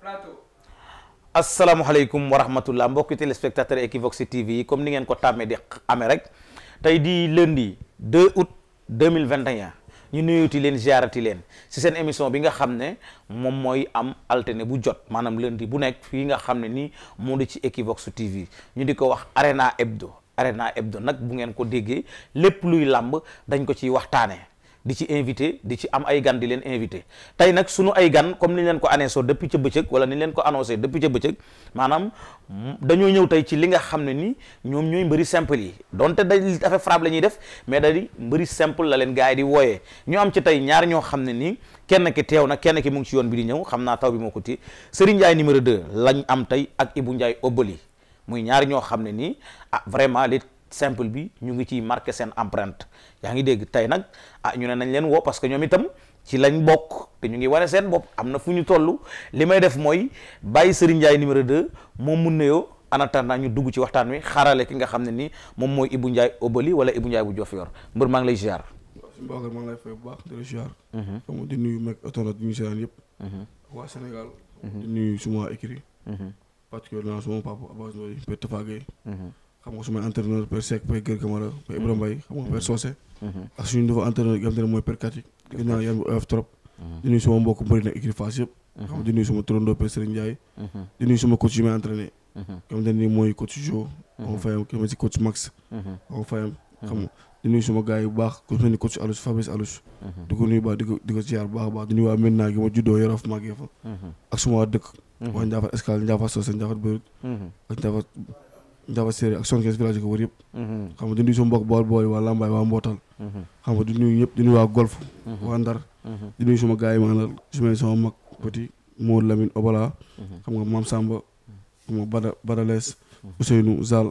plateau asalaamaaleykum wa rahmatullah mbokki téléspectateur Equivox TV yi comme ni ngeen ko tàmmee di amee rek tey di lundi 2 août 2021 ñu nuyuti leen ziarati leen si seen émission bi nga xam ne moom mooy am alterné bu jot maanaam lundi bu nekk fii nga xam ne nii moo di ci Equivox TV ñu di ko wax Arena Hebdo Arena Hebdo nag bu ngeen ko déggee lépp luy làmb dañ ko ciy waxtaanee di ci invité di ci am ay gan di leen invité tey nag sunu ay gan comme ni leen ko annoncé depuis ca bëccëg wala ni ñu leen ko annoncé depuis ca bëccëg maanaam dañoo ñëw tey ci li nga xam ne nii ñoom ñooy mbëri simple yi donte dañ dafa frappe la ñuy def mais da mbëri simple la leen gars yi di wooyee ñu am ci tey ñaar ñoo xam ne nii kenn ki teew na kenn ki mu ngi ci yoon bi di ñëw xam naa taw bi moo ko téye Serigne Ndiaye numéro 2 lañ am tey ak ibu Ndiaye Obali muy ñaar ñoo xam ne nii ah vraiment li simple bi ñu ngi ciy marqué seen empreinte yaa ngi dégg tey nag ah ñu ne nañ leen woo parce que ñoom itam ci lañ bokk te ñu ngi wane seen bopp am na fu ñu toll li may def mooy bàyyi Serigne Ndiaye numéro de moom mun na yoo en attendant ñu dugg ci waxtaan wi xaarale ki nga xam ne ni moom mooy Ibou Ndiaye Obali wala Ibou Ndiaye bu Diofior mbër maa ngi lay ziar. Mbacke maa ngi lay fay bu baax di la ziar. Mhm. xam yëpp. Mhm. waa Sénégal. Mhm. di nuyu suma écrit. particulièrement papa Abbas Ndoye Père Tafa xam nga sumay entraîneur père Seck père Guèye Camara père Ibrahima mhm. Mbaye xam nga père Socé mhm. ak suñu nouveau entraîneur yi nga xam ne mooy père Kati gis naa yaram bi oyof trop mhm. di nuyu suma mbokk mbëri nekk équipe Fass yëpp xam nga di nuyu suma turandoo père Serigne Ndiaye di nuyu suma coach yi may entraîné xam ne ni mooy coach Jo am fayam ki ma si coach Max am fayam xam nga di nuyu suma gars yi bu baax ku mel ni coach Alous Fabrice Alous di ko nuyu baax di ko di ko ziar bu baax a baax di nuyu waa Médina gi ma juddoo Yorof màggee fa ak suma waa dëkk waa Ndiafat Escale Ndiafat Socé Ndiafat Bérut ak Ndiafat Njaba Séeri ak Sonkees village ko wër yëpp. Mhm. xam nga di nuyu sama mbokk bool bool waa Lambaay waa Mbootal. Mhm. xam nga di nuyu ñëpp di nuyu waa mag petit Mor Lamine Obala. Mhm. xam nga Maam Samba. xam nga Bada Bada Lees. Ousseynou Zal.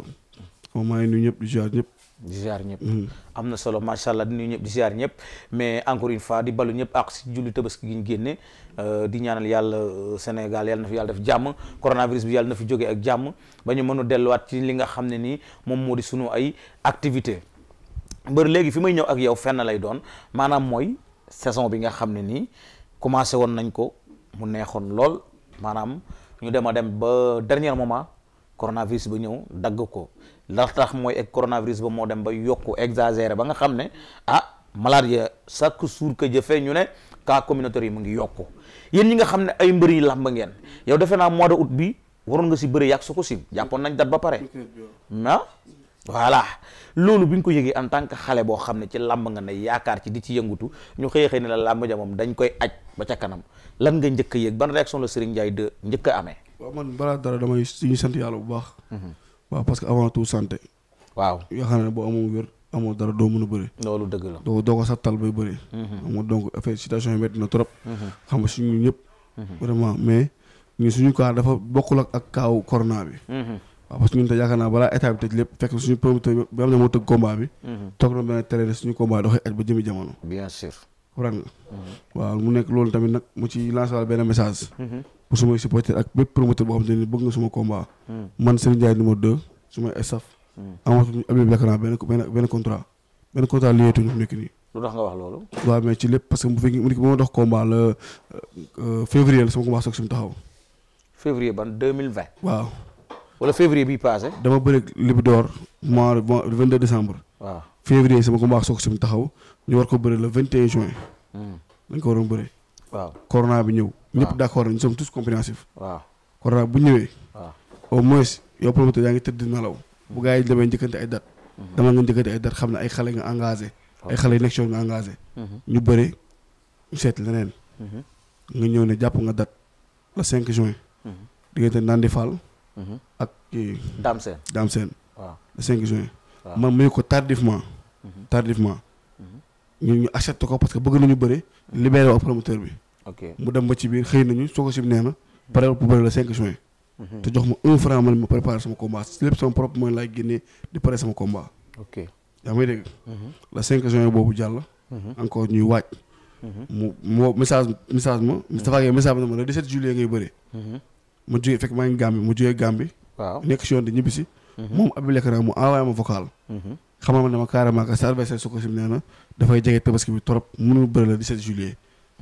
xam nga maa ngi ñëpp di ziar ñëpp. di ziar ñëpp. am na solo macha allah di nuyu ñëpp di ziar ñëpp mais encore une fois di balu ñëpp ak si julli tabaski gi ñu génne. Euh, di ñaanal yàlla euh, Sénégal yàlla na fi yàlla def jàmm coronavirus bi yàlla na fi jóge ak jàmm ba ñu mën a delluwaat ci li nga xam ne nii moom moo di suñu ay activité mbër léegi fi may ñëw ak yow fenn lay doon maanaam mooy saison bi nga xam ne nii commencé woon nañ ko mu neexoon lool maanaam ñu dem a dem ba dernier moment coronavirus ba ñëw dagg ko la tax mooy ak coronavirus ba moo dem ba yokku exagéré ba nga xam ne ah malade ya chaque jour que jëfe ñu ne cas yi mu ngi yokku yéen ñi nga xam ne ay mbër yi làmb ngeen yow defe naa mois de août bi waroon nga si bëre yàgg soo ko sim jàppoon nañ date ba pare ah voilà loolu bi nga ko yëgee en tant que xale boo xam ne ci làmb nga ne yaakaar ci di ci yëngutu ñu xëy xëy ne la làmb ja dañ koy aj ba ca kanam lan nga njëkk a yëg ban réaction la Serigne Ndiaye de njëkk a amee waaw man balaa dara damay suñu sant yàlla bu baax mhm. waaw parce que avant tout santé waaw yoo xam ne boo amoon amoo dara doo mën a bëri. loolu dëgg la doo doo ko sattal bay bëri. Mhm. amoo donc affaire situation yi métti na trop. Mhm. xam nga suñu ñëpp. Mhm. vraiment mais ñun suñu cas dafa bokkul ak kaaw corona bi. waaw parce que ñun te yaakaar naa balaa état bi tëj lépp fekk suñu promoteur bi am na moo tëgg combat bi. toog mu nekk loolu tamit nag mu ci lancer wàll benn message. pour sumay supporter ak bépp promoteur boo xam te ne bëgg nga suma combat. man Serigne Ndiaye numéro 2 sumay staff. amatuñu Habib Lac benn benn benn contrat benn contrat liyeetuñu nekk nii. lu tax nga wax loolu. waaw mais ci lépp parce que bu fekkee bu ma dox combat la euh, février la sama combat soog si mu taxaw. février ban deux mille vingt. waaw. wala février bii passé. dama bëri Libidor mois le vingt deux décembre. waaw février sama combat soog si mu taxaw ñu war ko bëri le vingt et un juin. Hmm. dañ ko waroon bëri. waaw corona bi ñëw. ñëpp d' accord nous sommes tous compréhensifs. waaw corona bu ñëwee. waaw au moins yow promoteur yaa ngi tëdd nalaw bu gars yi demee njëkkante ay date mhm. dama nga njëkkante ay date xam ne ay xale nga engagé ay xale yu nekk ci nga engagé mhm. ñu bëri seet leneen mhm. nga ñëw ne jàpp nga date le 5 juin diggante Nandi Fall ak kii Dame Sène Dame Sène waaw le juin man mu ko tardivement tardivement ñu ñu accepté ko parce que bëgg nañu bëri libéré waa promoteur bi ok mu dem ba ci biir xëy nañu soo ko sib nee na pare bu bëri la 5 juin te jox ma un franc man ma préparé sama di pare sama combat. ok yaa mhm. la 5 juin boobu jàll. Mhm. encore ñuy waaj. Mhm. mu moo message message ma. Moustapha Gueye message ma ne ma le 17 ngay bëre. ma jógee fekk maa ngi Gambie ma jógee Gambie. waaw nekk si yoon di ñibbisi. moom Habib Lekra mu envoyé ma vocal. xamal ma ne ma carrément que sa adversaire su ko sim nee na dafay jege tabaski bi trop mënul bëri le 17 juillet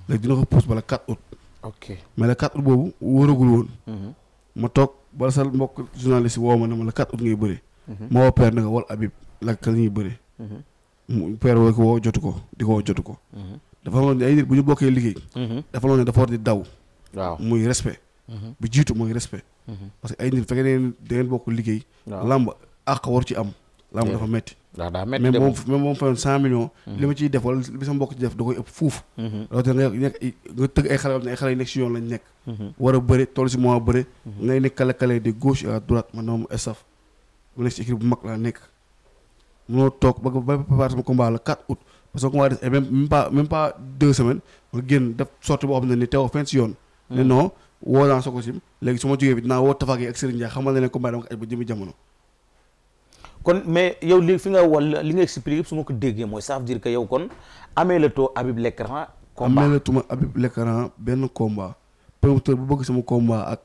léegi dina ko pousse ba le 4 août. ok mais le 4 ma toog ba sa mbokk journaliste woo ma ne ma la 4 août ngay bëri. Mhm. ma woo père ne wal Habib la ka ñuy bëri. Mhm. mu père woo ko woo jotu ko di ko woo jotu ko. Mhm. dafa loon ne ay nit bu ñu bokkee liggéey. dafa loon ne dafa war di daw. waaw muy respect. bu jiitu mooy respect. parce que ay nit fekkee da ngeen bokk liggéey. làmb àq war ci am. làmb dafa metti waaw mais moom mais moom fayoon cent millions. li ma ciy def wala li sama mbokk ci def da koy ëpp fuuf. loolu mhm. nga nga tëgg ay xale yoo nekk si yoon lañ nekk. Mhm. war a bëri toll si moment bëri. Mhm. ngay nekk kale kale de gauche à droite man dama am staff. nekk si équipe bu mag laa nekk. munoo toog ba ba préparé sama combat le 4 août parce que combat des même même pas même ma génn def sorti boo xam ne ni teewoo fenn si yoon. ne non woo naa Sococim léegi su ma jógee bi dinaa woo kon mais yow li fi nga wala li nga expliqué su ma ko déggee mooy ça veut dire que yow kon amee la too Habib Lecran. combat amee la tuma Lecran benn combat. promoteur bu bëgg sama combat ak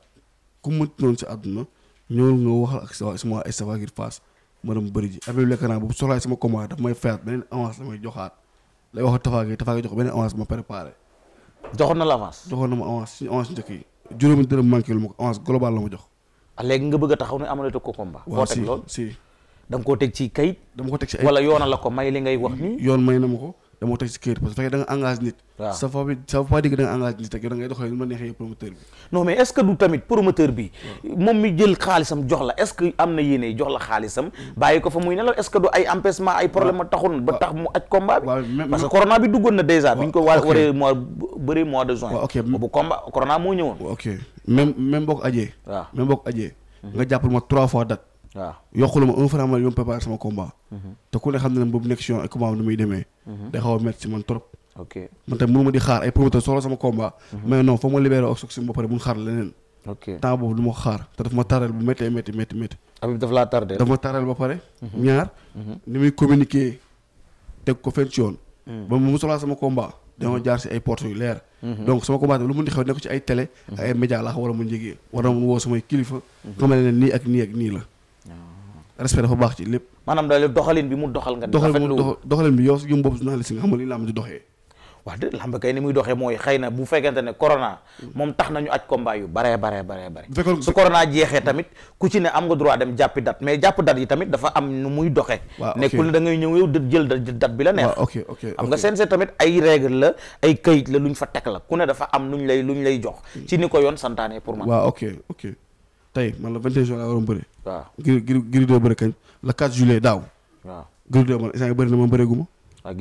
ku mu si àdduna ñëwul nga waxal ak sa sama ay sa ngir paas ma dem bëri ji Habib Lecran bu soxlaa sama combat daf may fayaat beneen avance la may joxaat lay wax Tapha Gueye Tapha Gueye jox beneen avance ma préparé. joxoon na la avance. joxoon na ma avance suñu avance njëkk yi juróomi dërëm manqué lu ma ko avance global la ma jox. Ah, léegi nga bëgg a taxaw ne amalatu ko combat. waaw si si da nga koo teg ci kayit. dama ko teg ci ay wala yoona la ko may li ngay wax nii. yoon may na ma ko dama ko teg ci kayit parce que fekkee da nga engagé nit. waaw sa fa sa fa digg da nga engagé nit rek yow da ngay doxalee nu ma neexee promoteur bi. non mais est ce que du tamit promoteur bi. moom mi jël xaalisam jox la est ce que am na yéene jox la xaalisam. bàyyi ko fa muy nelaw est ce que du ay empêchement ay problème ma taxoon ba tax mu aj combat bi. parce que corona bi duggoon na dèjà. bi ñu ko war waree mois bëri mois de juin. waaw ok bu combat corona moo ñëwoon. ok même même boo ko ajee. waaw même boo ko ajee. nga jàppal ma trois fois date waaw yokkul ma un franc ma yom préparé sama combat. Mhm. te ku ne xam ne boobu nekk si yoon ay combat mhm. a métti si man trop. man tamit mënu ma di xaar ay promoteur soxla sama combat. Mhm. mais non foog ma libéré oxygène ba pare mun xaar leneen. temps boobu du ma ko xaar te taral bu méttee métti métti métti. Habib laa tardé. daf ma ba pare. ñaar ni muy communiquer teg ko yoon. ba mu soxlaa sama combat. dañoo jaar si ay pot yu leer. donc sama combat lu mun di xew nekk ci ay télé. ay média laa ko war a mun jege war na mun woo samay kilifa. xamal ne nii ak nii ak nii la. respect dafa baax ci lépp. maanaam daal doxalin bi mu doxal nga. doxalin doxalin bi yow si jëm boobu journaliste nga xamal li làmb di doxee. muy doxee mooy xëy na bu fekkente ne corona moom tax nañu aj combat yu baree baree baree bare su corona jeexee tamit ku ci am nga droit dem jàppi dat mais jàpp date yi tamit dafa am nu muy doxee nekkul ne da ngay ñëw yow jël dat bi la neex ok ok am nga seen tamit ay règle la ay kayit la lu ñu fa teg la ku ne dafa am lu ñu lay lu ñu lay jox hmm. ci ni ko yoon santaane pour man waaw tey man la 22 juin laa waroon bëri. waaw Gris Gris doo kañ la 4 juillet daaw. waaw Gris doo man instant na ma bëree gu ma. Ah,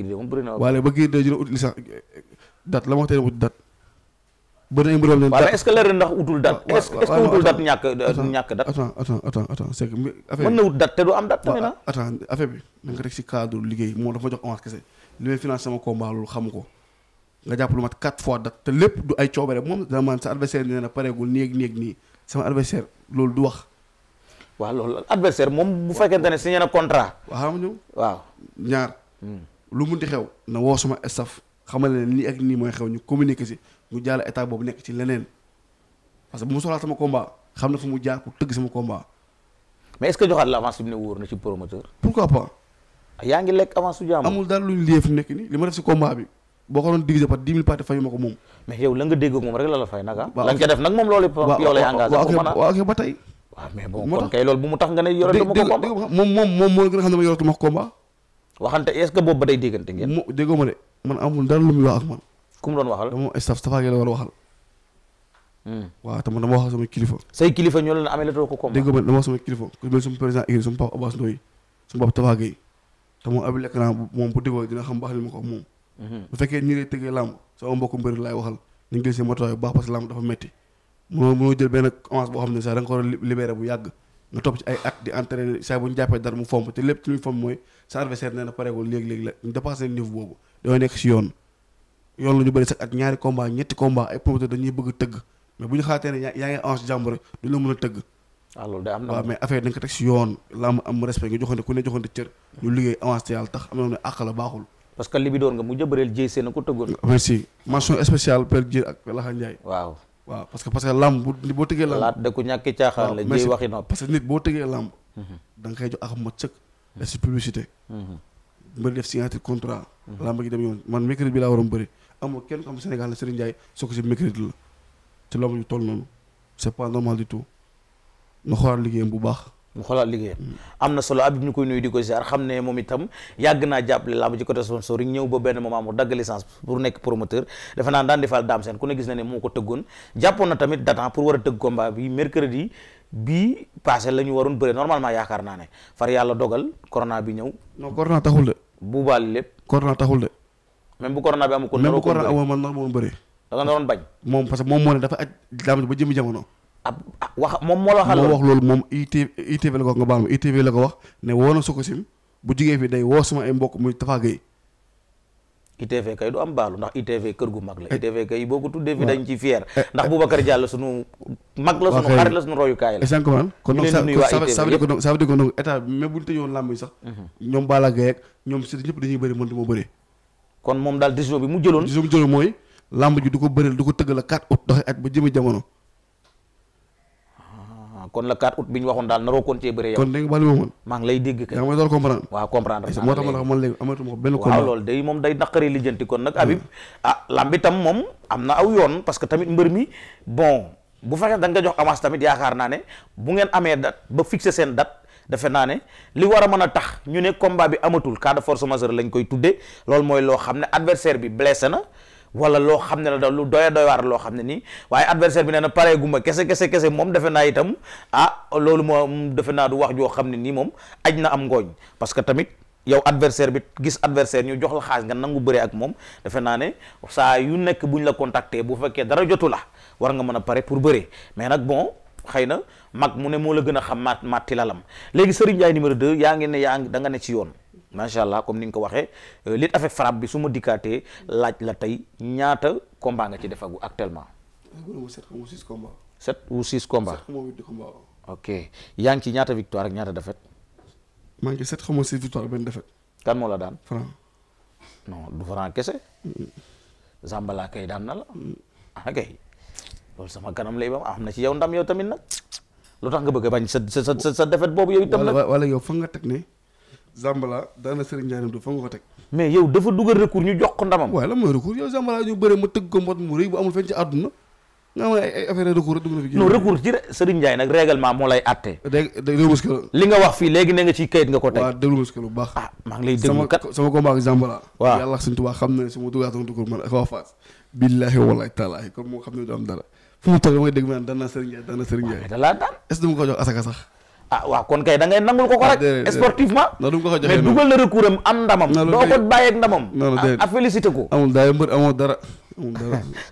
ba Gris doo dina ut licence date la ma wax ut date. ndax utul date. est-ce que utul date ñàkk te du am date tamit na. attends affaire bi na nga teg si cadre liggéey moo dafa jox avance kese li may financé sama combat loolu ko nga jàpp lu mat 4 fois date te lépp du ay coobere moom dana man sa adversaire nee na pareegul nii ak nii sama adversaire loolu du wax. waaw loolu adversaire moom bu fekkente ne signé na contrat. waaw xam nga waaw ñaar. Hmm. lu munti xew na woo sama staff xamal ne nii ak nii mooy xew ñu communiquer si mu jàll état boobu nekk ci leneen parce que bu mu soxlaa sama combat xam na fu mu jaar pour tëgg sama combat. mais est que joxaat la avance bi ne wóor na ci promoteur. pourquoi pas. yaa ngi lekk avance su jàmm. amul dara lu ñu liyee fi mu nekk nii li ma def si combat bi. boo ko doon diviser par dix mille parties fayu ma ko moom mais yow la nga fay nag moom loolu yow lay engagé waaw ba tey waaw mais bon kon kay ne yoretuma ko combat moom moom moom moo gën a xam ne ma yoretuma ko combat waxante est a waxal hmm. waaw te man ñoo leen amee la lekk naa moom bu déggoo dina xam baax li ma ko moom Mhm. bu fekkee nii lay tëggee làmb sama mbokku mbëri laay waxal nañ jël seen matuwaay bu baax parce que làmb dafa metti mënoo mënoo jël benn avance boo xam ne sax da nga ko war a libéré bu yàgg nga topp ci ay at di entraîné saa bu ñu jàppee dara mu fomp te lépp lu ñu fomp mooy sa adversaire nee na pareegul léegi-léegi ñetti combat ay promoteur dañuy bëgg tëgg mais bu ñu xaatee ne yaa ngi avance jàmbur du la mën a tëgg waaw ah, loolu day am na mais affaire dañ teg si yoon làmb am respect nga joxante ku ne joxante cër ñu liggéey avance te yàlla tax am na ne àq la baaxul parce que libidoor nga mu jëbëreel jéy seen a ko tëggoon. merci mention spéciale Père Dieng ak Laxa waaw waaw parce que parce que làmb bu boo tëggee làmb. laat da ko ñàkk caaxaan la jéy waxi mhm. mhm. si publicité. Mhm. mbëri def signature contrat. làmb gi dem yoon man mercredi bi laa waroon bëri amul kenn ko xam Sénégal la Serigne Ndiaye soo ko si mercredi la ci làmb ñu toll noonu c'est pas normal du tout nga xoolaat liggéeyam bu baax. mu xoolaat liggéeyam mm. am na solo Habib ñu koy nuyu di ko ziar xam ne moom itam yàgg naa jàppale lamb ci côté sponsoring ñëw ba benn moment mu dagg licence pour nekk promoteur defe naa daan defal daam seen ku ne gis na ne moo ko tëggoon jàppoon na tamit datant pour war a tëgg combat bi mercredi bii passé la ñu waroon bëre normalement yaakaar naa ne far yàlla dogal corona bi ñëw non corona taxul de bu baali lépp corona taxul de même bu corona bi amu ko même bu corona amoon man nax moom bëre da nga naroon bañ moom parce moom moo ne dafa aj jamono ab wax moom moo la waxal moo wax loolu moom ITV ITV la ko wax nga baal ma ITV la ko wax ne woo na Sococim bu jigee fi day woo sama ay mbokk muy Tafa Gueye ITV kay du am baalu ndax ITV kër gu mag la eh. ITV kay boo ko tuddee fi dañ ci fier eh. ndax sunu mag la sunu xarit la sunu royukaay la san commande kon mhm. ñoom Balla Gaye ak ñoom bëri mën di moo bëree kon moom daal décision bi mu jëloon décision bi mu jëloon mooy làmb ji du ko bëreel du ko tëgg la 4 août doxe at ba jëme jamono kon la 4 août bi ñu waxoon daal naroo continuer bëre yow kon dégg nga bàyyi ma ngi lay dégg kay yaa may doon comprendre waaw comprendre moo tax ma la xamal léegi amatuma ko benn waaw loolu day moom day naqaree lijjanti kon nag Habib hmm. ah lamb itam moom am na aw yoon parce que tamit mbër mi bon bu fekkee da nga jox avance tamit yaakaar naa ne bu ngeen amee date ba fixé seen dat defe naa ne li war a mën a tax ñu ne combat bi amatul cas de force majeure lañ koy tuddee loolu mooy loo xam ne adversaire bi blessé na wala loo xam ne la daal lu doy waar loo xam ne nii waaye adversaire bi nee na pare gumba kese kese kese moom defe naa itam ah loolu moom defe naa du wax joo xam ne nii moom aj na am ngooñ parce que tamit yow adversaire bi gis adversaire ñu jox xaalis nga nangu bëree ak moom defe naa ne saa yu nekk bu ñu la contacter bu fekkee dara jotu la war nga mën a pare pour bëree mais nag bon xëy na mag mu ne moo la gën a xam màtti lalam léegi Serigne Ndiaye numéro 2 yaa ngi ne yaa ngi da nga ne ci yoon macha allah comme ni nga ko waxee euh, lutte avec frappe bi su ma dikkaatee laaj la tey ñaata combat nga ci defagu actuellement. sept ou six combats. sept ou six ok yaa ngi ci ñaata victoire ak ñaata défaite. maa ngi sept xamoo six victoire benn défaite. kan moo la daan. Franc. no du Franc kese. Mm. Zambala kay daan na la. Mm. ah kay loolu sama kanam lay ba am na ci yow ndam yow tamit nag lu tax nga bëgg a bañ sa sa sa sa défaite boobu yow itam nag. wala yow fa nga teg ne. Zambala daana Serigne Ndiaye du fa nga ko teg. mais yow dafa dugal recours ñu jox ko ndamam. waaw lan mooy recours yow Zambala ñu bëre ma tëgg ko mu rëy bu amul fenn ci àdduna moo li nga wax fii léegi ne nga ci kayit nga ko teg. waaw déglu muskala bu baax. ah maa ngi tubaab xam na ne su ma duggaatoon recours man ne du am dara fu mu toll damay dégg ah, laa daan. est dama ko jox asaka sax ah waaw kon kay dangay ngay nangul ko ko ah, rek sportivement mais dugal na recours am am ndamam doo ko bàyyeeg ndamam a ah, félicité ko amul daay mbër amoo dara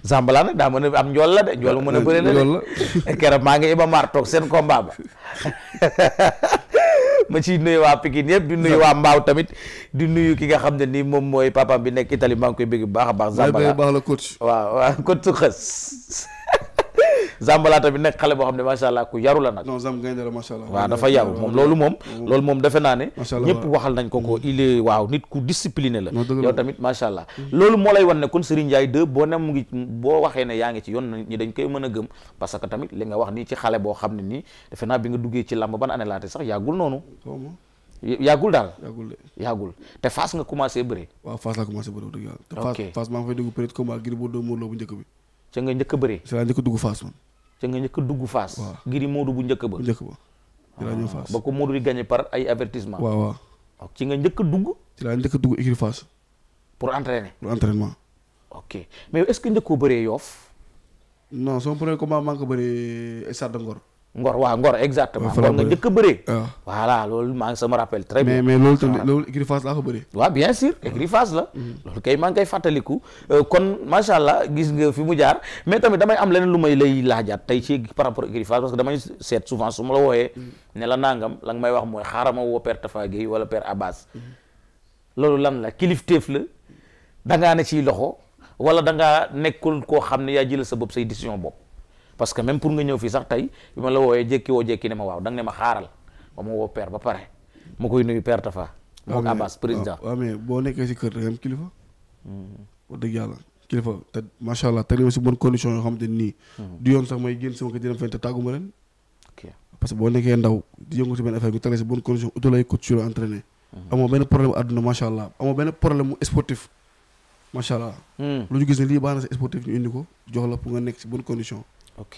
Zambala nag daa mën a am njool la de njool mën a bëri la de keroog maa ngi Iba Mar toog seen combat ba ma ci nuyu waa Pikine yëpp di nuyu waa Mbaaw tamit di nuyu ki nga xam ne nii moom mooy papaam bi nekk Italie maa ngi koy bëgg bu baax a baax Zambala baax la coach waaw su xës Zambala tamit nekk xale boo xam ne macha allah ku yaru la nag. non Zamb gaynde la macha allah. waaw dafa yaru moom moom. loolu moom defe naa ne. ñëpp waxal nañ ko ko mm. il waaw nit ku discipliné la. yow tamit macha allah. Mm. loolu moo lay wan ne kon Serigne Ndiaye 2 boo ne mu ngi boo waxee ne yaa ngi ci yoon na ñi dañ koy mën a gëm parce tamit li nga wax nii ci xale boo xam ne nii defe naa bi nga duggee ci làmb ban année laate sax yàggul noonu. yàggul daal te Fass nga commencé bëre. te Fass Fass maa ca nga njëkk a bëree. ca laa njëkk dugg Fass man. ca nga njëkk dugg Fass. waaw ngir Modou bu njëkk ba. bu njëkk ba ci laa ñëw ah. Fass. ba ko Modou di gagné par ay avertissement. waaw waaw. ci nga njëkk a dugg. njëkk a dugg équipe Fass. pour entraîner. pour entraînement. ok mais est-ce que njëkkoo bëree Yoff. non sama premier combat maa ngi ko bëree Stade Ngor. ngor waa ngor exactement ngor nga jëkk a bëree ah. voilà loolu maa ngi sama rappel très bien mais loolu tamit loolu écurie laa ko bëree waaw bien sûr écurie la mm-hmm. loolu kay maa ngi koy fàttaliku euh, kon macha gis nga fi mu jaar mais tamit damay am leneen lu may lay laajaat tey ci par rapport écurie Fass parce que damay seet souvent su ma la wooyee mm-hmm. ne la nangam la nga may wax mooy xaaral ma woo père Tafa Gueye wala père Abbas mm-hmm. loolu lan la kilifteef la dangaa loxo wala dangaa nekkul koo xam ne yaa jëlal sa bopp say décision bopp parce que même pour nga ñëw fii sax tey bi ma la wooyee jékki woo jékki ne ma waaw da ne ma xaaral ba ma woo père ba pare ma koy nuyu père Tafa. Ah, moom Abbas ah, président waaw ah, mais boo nekkee si kër da nga am hmm. yàlla kilifa te macha allah teg na si bonne condition yoo xamante nii. Hmm. du yoon sax may génn sama kër dina fen te tàggu ma boo nekkee ndaw di yëngu si benn affaire bi teg na si bonne condition auto lay coach la entraîné. Hmm. amoo benn problème àdduna macha allah amoo benn problème mu lii baax na ko jox la nekk si bonne condition. ok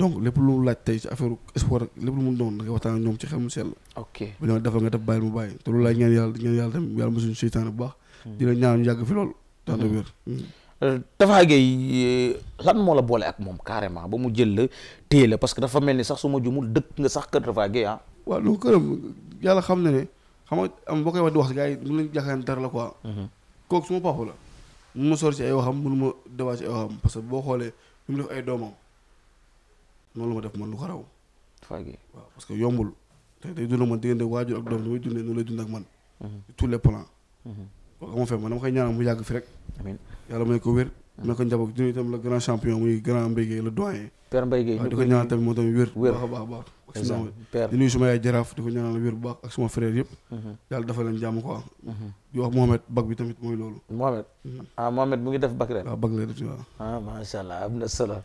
donc lépp lu laaj tey ci affaire sport ak lépp lu mu doon da waxtaan ak ñoom ci xel mu sell. ok bu defal nga def bàyyi mu bàyyi te loolu laaj ñaan yàlla tamit yàlla mosuñu la hmm. ñaan ñu yàgg fi lool. Hmm. Hmm. Euh, tànn euh, boole ak moom carrément ba mu jël la téye la parce que dafa mel ni sax su ma jumul dëkk nga sax kër Tapha Gueye ah. waaw loolu këram yàlla xam na ne xam nga am boo koy wax di wax si gars nañu jaaxaan dara la quoi. kooku suma papa la. mu ma sor ci ay waxam mënu ma débat ci ay waxam parce noonu la ma def man lu ko raw. faage waaw parce que yombul te day dund man diggante waajur ak doom damay dundee noonu lay dund ak man. Mm-hmm. tous les plans. Mm-hmm. kooku amoo fee man dama koy ñaanal mu yàgg fi rek. amiin yàlla may ko wér. may ko mm-hmm. njaboot di nuyu itam grand champion muy grand mbéy le doyen. Père Mbaye Gueye ñu di ko ñaanal tamit moo tamit wér wér baax a baax baax sinon di nuyu suma yaay jaraaf di ko ñaanal wér bu baax ak suma frère yëpp mhm. yàlla dafa leen jàmm quoi mhm. di wax Mohamed bag bi tamit mooy loolu Mohamed mhm. ah Mohamed mu ngi def bag ren waaw bag la def waaw ah macha allah am na solo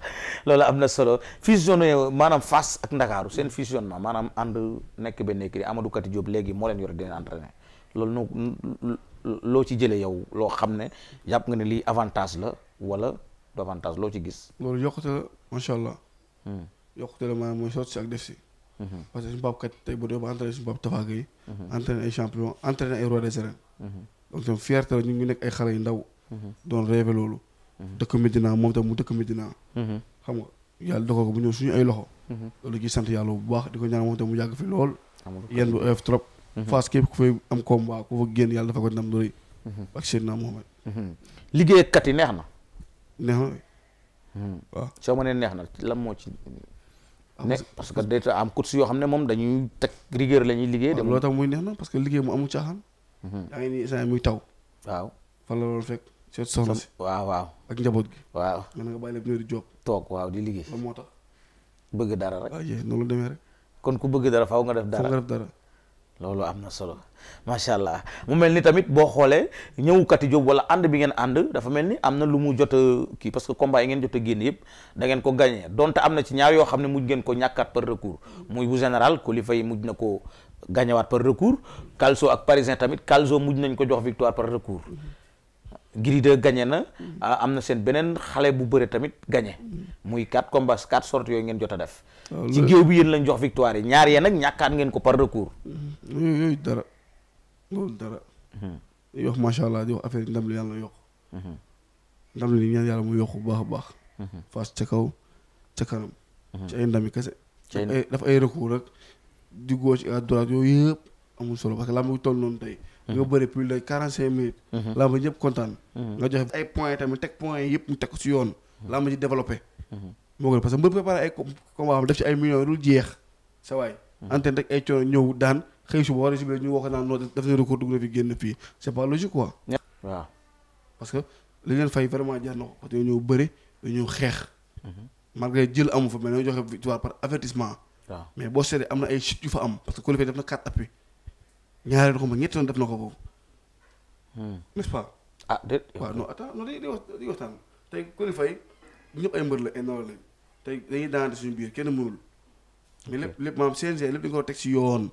loolu am na solo fusionné maanaam Fass ak Ndakaaru seen fusionnement maanaam ànd nekk benn écurie Amadou Kati Diop léegi moo leen yor di leen entraîné loolu no loo ci jëlee yow loo xam ne jàpp nga ne lii avantage la wala davantage loo ci gis. loolu yokkute la macha allah. Hmm. yokkute la maanaam mooy sotti si ak def si. Hmm. parce que suñu pap kat tey bu dee ba entraîné suñu pap Tapha Gueye. Hmm. entraîné ay champion entraîné ay roi des arènes. donc tam fierté la ñu ngi nekk ay xale yu ndaw. doon rêvé loolu. dëkk Medina moom tam mu dëkk Medina. xam nga yàlla dogal ko bu ñëw suñu ay loxo. loolu ci sant yàlla bu baax di ko ñaan moom tam mu yàgg fi lool. yéen bu oyof trop. Fass képp ku fay am combat ku fa génn yàlla dafa neex na. Hmm. waaw soo mënee neex na lan moo ci. ne parce que day am course yoo xam ne moom dañuy teg rigueur la ñuy liggéey. dem loo tax muy neex na parce que liggéey mu amul caaxaan. Hmm. yaa ngi nii saa muy taw. waaw fan la loolu fekk. si waaw waaw. ak njaboot gi. waaw nga nga bàyyi lépp toog waaw di liggéey. loolu moo tax. bëgg dara rek. waaw yéen noonu la demee rek. kon ku bëgg dara faaw nga def dara nga def dara. loolu am na solo macha allah mu mel ni tamit boo xoolee ñëw Kati Diop wala ànd bi ngeen ànd dafa mel ni am na lu mu jot a kii parce que combat yi ngeen jot a génn yëpp da ngeen ko gagné donte am na ci ñaar yoo xam ne mujj ngeen ko ñàkkaat par recours muy bu général ko li fay mujj na ko gagné waat par recours Calcio ak parisien tamit Calcio mujj nañ ko jox victoire par recours. Gris 2 gagné na ah, am na seen beneen xale bu bëre tamit gagné muy quatre combats quatre sorties yooyu ngeen jot a def ci géew bi yéen lañ jox victoire yi ñaar yee nag ñàkkaat ngeen ko par recours mm-hmm. yooyu yooyu dara loolu mm-hmm. affaire yi ndam li yàlla yokk mm-hmm. ndam li mu yokk bu baax a baax faas ca kaw ca kanam ci ay ndami kese ay recours rek di gauche à droite yooyu yëpp amul solo parce que laa ma toll noonu tey nga bëri plus de quarante cinq minutes mhm. làmb ji ñëpp kontaan mhm. nga joxe ay points tamit teg points yi yëpp ñu teg ko ci yoon mhm. làmb ji développé moo gën parce que mbër préparé ay combat ay millions dul jeex sa daan xëy suba war naan noonu def na recours dugg na fi waaw parce que li leen fay vraiment jar na ko parce que ñoo ñëw bëri dañoo xeex malgré jël amu fa mais joxe victoire par avertissement mais boo seetee am na ay chute yu fa am parce que ku def na quatre appui ñaareel xaw ma ñett yoon def na ko foofu. Hmm. n'est-ce pas. ah déet waaw non wax day waxtaan tey ñëpp ay mbër la ay ndaw lañ tey dañuy daanante suñu biir kenn mënul. mais lépp lépp maanaam CNG lépp dañu ko teg si yoon.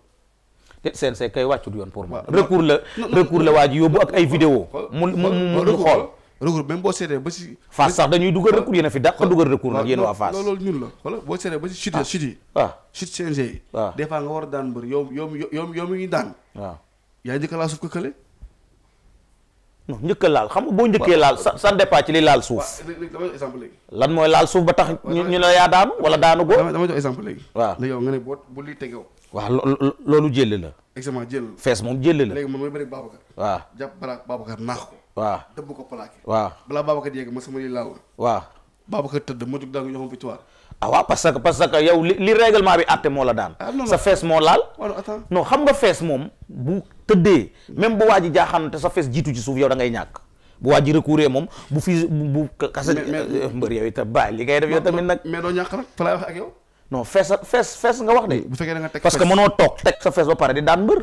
déet CNG kay wàccut yoon pour. ma recours la recours la waa ji yóbbu ak ay vidéo mu mu mu xool. recours boo seetee ba si. Fass sax dañuy dugal recours yéen a fi dàq dugal recours nag yéen waa Fass. loolu ñun la xoolal boo seetee ba si ah. chute yi chute ah. yi. waaw chute CNG ah. nga war a daan mbër yow yow yoom yow mi ngi daan. waa yaa njëkk a laal suuf ko kële. non laal xam nga boo njëkkee laal sa sa départ ci li laal suuf. dama jox exemple lan mooy laal suuf ba tax ñu ñu la yaa daanu wala daanu góor. dama jox yow nga ne boo bu lii tegoo. waaw loolu jël la. exactement jël fees moom jël la. léegi man mooy bëri Babacar. waaw jàpp bara waaw dëbb ko plaqué. waaw balaa Babacar yegg ma sama lii laal la. waaw Babacar tëdd ma jug daa nga ah, parce que parce que yow li li règlement bi àtte moo la daan. Ah, sa fees moo laal. Ah, non xam nga fees moom bu tëddee. même bu waa ji jaaxaan te sa fees jiitu ci suuf yow da ngay ñàkk. bu waa ji recouré moom bu fi bu kasa. Eh, mbër yow itam bàyyi li ngay def yow tamit nag. mais doo ñàkk nag fa laay wax ak yow. fees fees nga wax de. bu fekkee da nga teg parce que mënoo toog teg sa fees ba pare di daan mbër.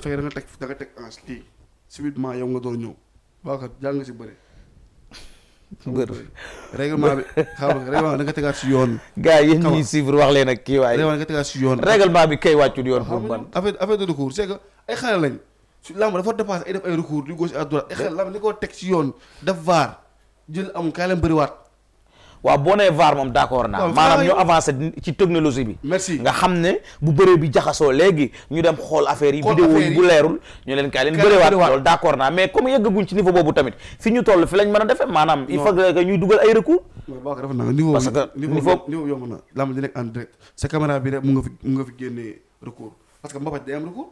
yow nga door ñëw Babacar jàng si bëri. bëri règlement bi xam nga règlement bi da nga tegaat si yoon. gars yi ñuy suivre wax leen ak kii waaye. règlement da nga tegaat si bi kay wàccul yoon. pour ban affaire affaire de recours c'est que ay xale lañ. su lamb dafa dépassé ay def ay recours du gauche à ay xale lamb li ko teg si yoon daf vaar jël am kaay leen bëriwaat. waaw boo nee VAR moom d'accord naa maanaam ñu avancé ci technologie bi nga xam ne bu bëree bi jaxasoo léegi ñu dem xool affaire yi vidéo yi bu leerul ñu leen kaay leen bëreewaat loolu d'accord a defee na niveau parce que niveau niveau yomb na lamb di nekk en direct sa caméra bi rek mu nga fi mu nga fi génnee recours parce que mbapat day am recours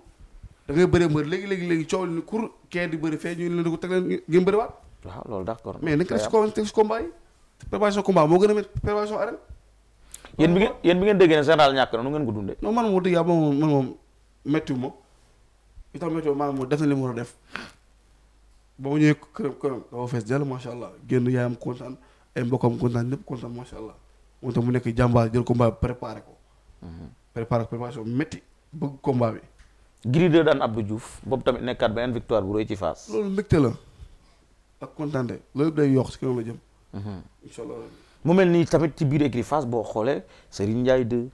da ngay bëree mbër léegi léegi léegi coow ni kur kee di bëri fee ñu leen recours teg leen ngeen bëriwaat waaw loolu d'accord mais nañ ko def préparation combat moo gën a métti préparation arène. yéen bi ngeen yéen bi ngeen déggee ne général ñàkk na ngeen ko dundee. non man moom moom man moom méttiwu ma itam méttiwu ma moom def na li mu allah génn yaayam kontaan ay mbokkam kontaan ñëpp kontaan macha allah moom mu nekk jàmbaar jël combat bi préparé ko. Mhm. préparé préparation métti bëgg combat bi. Gris 2 daan Abdou Diouf boobu tamit nekkaat beneen victoire bu rëy ci Fass. loolu mbégte la ak kontaante loolu day si kanam Mm-hmm. incha allah mu mel ni tamit ci biir écurie Fass boo xoolee Serigne Ndiaye 2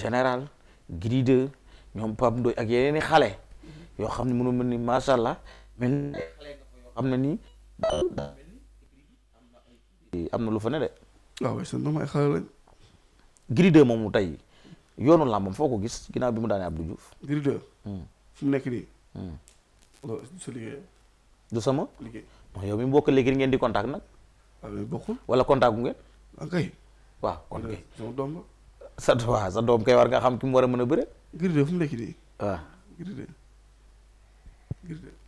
général Gris 2 ñoom Pape Ndoye ak yeneen i xale mm-hmm. yoo xam ne mënu mel ni macha allah mel am na ni am na lu fa ne de. waaw waaye seen doom ay xale lañ. tey yoonu làmbam foo ko gis ginnaaw bi mu daanee Abdou Diouf. Gris hmm. fu mu nekk nii. Hmm. loolu du sama. liggéey yow mi mbokk léegi ngeen di contact nag. waaw bokkul wala contact gu ah, sa doom kay war nga xam ki mu war a mën a bëre. Giride fu mu nekk nii.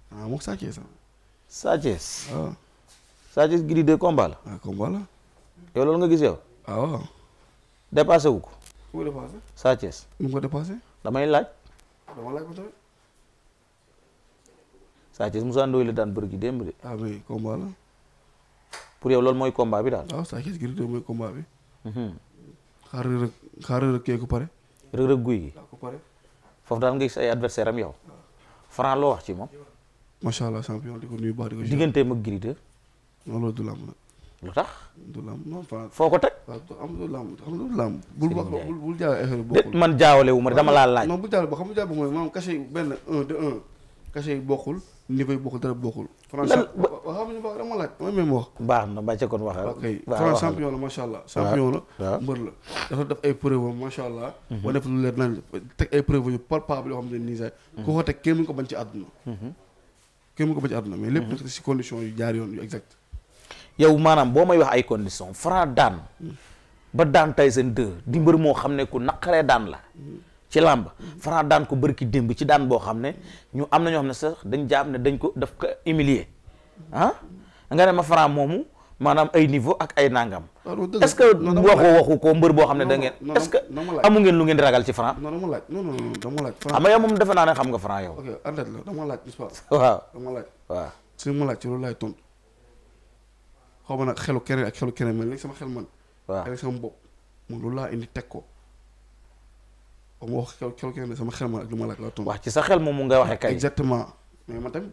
Ah, sa Thiès ah. Sa Thiès. waaw. Sa yow loolu nga gis yow. waaw. dépassé wu ko. Sa Thiès. nu ko dépassé. damay laaj. Sa Thiès Moussa Ndoye la daan bëri gi démb de. pour yow loolu mooy combat bi daal. waaw Sa Thiès Gris 2 mooy combat bi. Mhm. xaar Reug Reug xaar guy gi. ko daal nga gis ay adversaire am yow. Ah. Franc loo wax ci moom. macha allah champion di ko nuyu baax di ko. digganteem ak Gris 2. non loolu du lamb nag. lu du lamb non Franc. ko teg. waaw am du lamb am du lamb. bul bul bul jaawale affaire bokkul. man jaawale wu ma dama laa laaj. non bu jaawale ba xam nga jaawale ba mooy maanaam benn un de un cachet bokkul. niveau yi bokkul dara bokkul. France waaw xam nga dama laaj mooy même wax. baax na bàcce kon waxal. waaw France champion la macha allah. champion la mbër la. dafa def ay preuve macha allah. Mhm. boo def lu leer naan teg ay preuve yu palpable yoo xam ne nii sax. Mhm. ku ko teg kenn mën ko bañ ci àdduna. Mhm. kenn mën ko bañ ci àdduna mais lépp nag si condition yu jaar yoon yu exact. yow maanaam boo may wax ay condition Franc daan. ba daan Tyson 2 di mbër moo xam ne ku naqaree daan la. ci làmb Franc daan ko bërki démb ci daan boo xam ne ñu am na ñoo xam ne sax dañ jaam ne dañ ko daf ko humilier ah nga ne ma Franc moomu maanaam ay niveau ak ay nangam. est-ce que waxu ko mbër boo xam ne da ngeen. est-ce que amu ngeen lu ngeen di ragal ci Franc. non dama moom defe naa ne xam nga Franc yow. ok athlète la dama laaj histoire. waaw dama laaj. waaw su ma laaj ci loolu laay tontu xaw ma nag xelu keneen ak xelu sama xel man. waaw ak loolu laa indi teg ko ma wax xel ma ak lu ma laaj ci sa xel moom mu nga waxee kay. exactement mais man tamit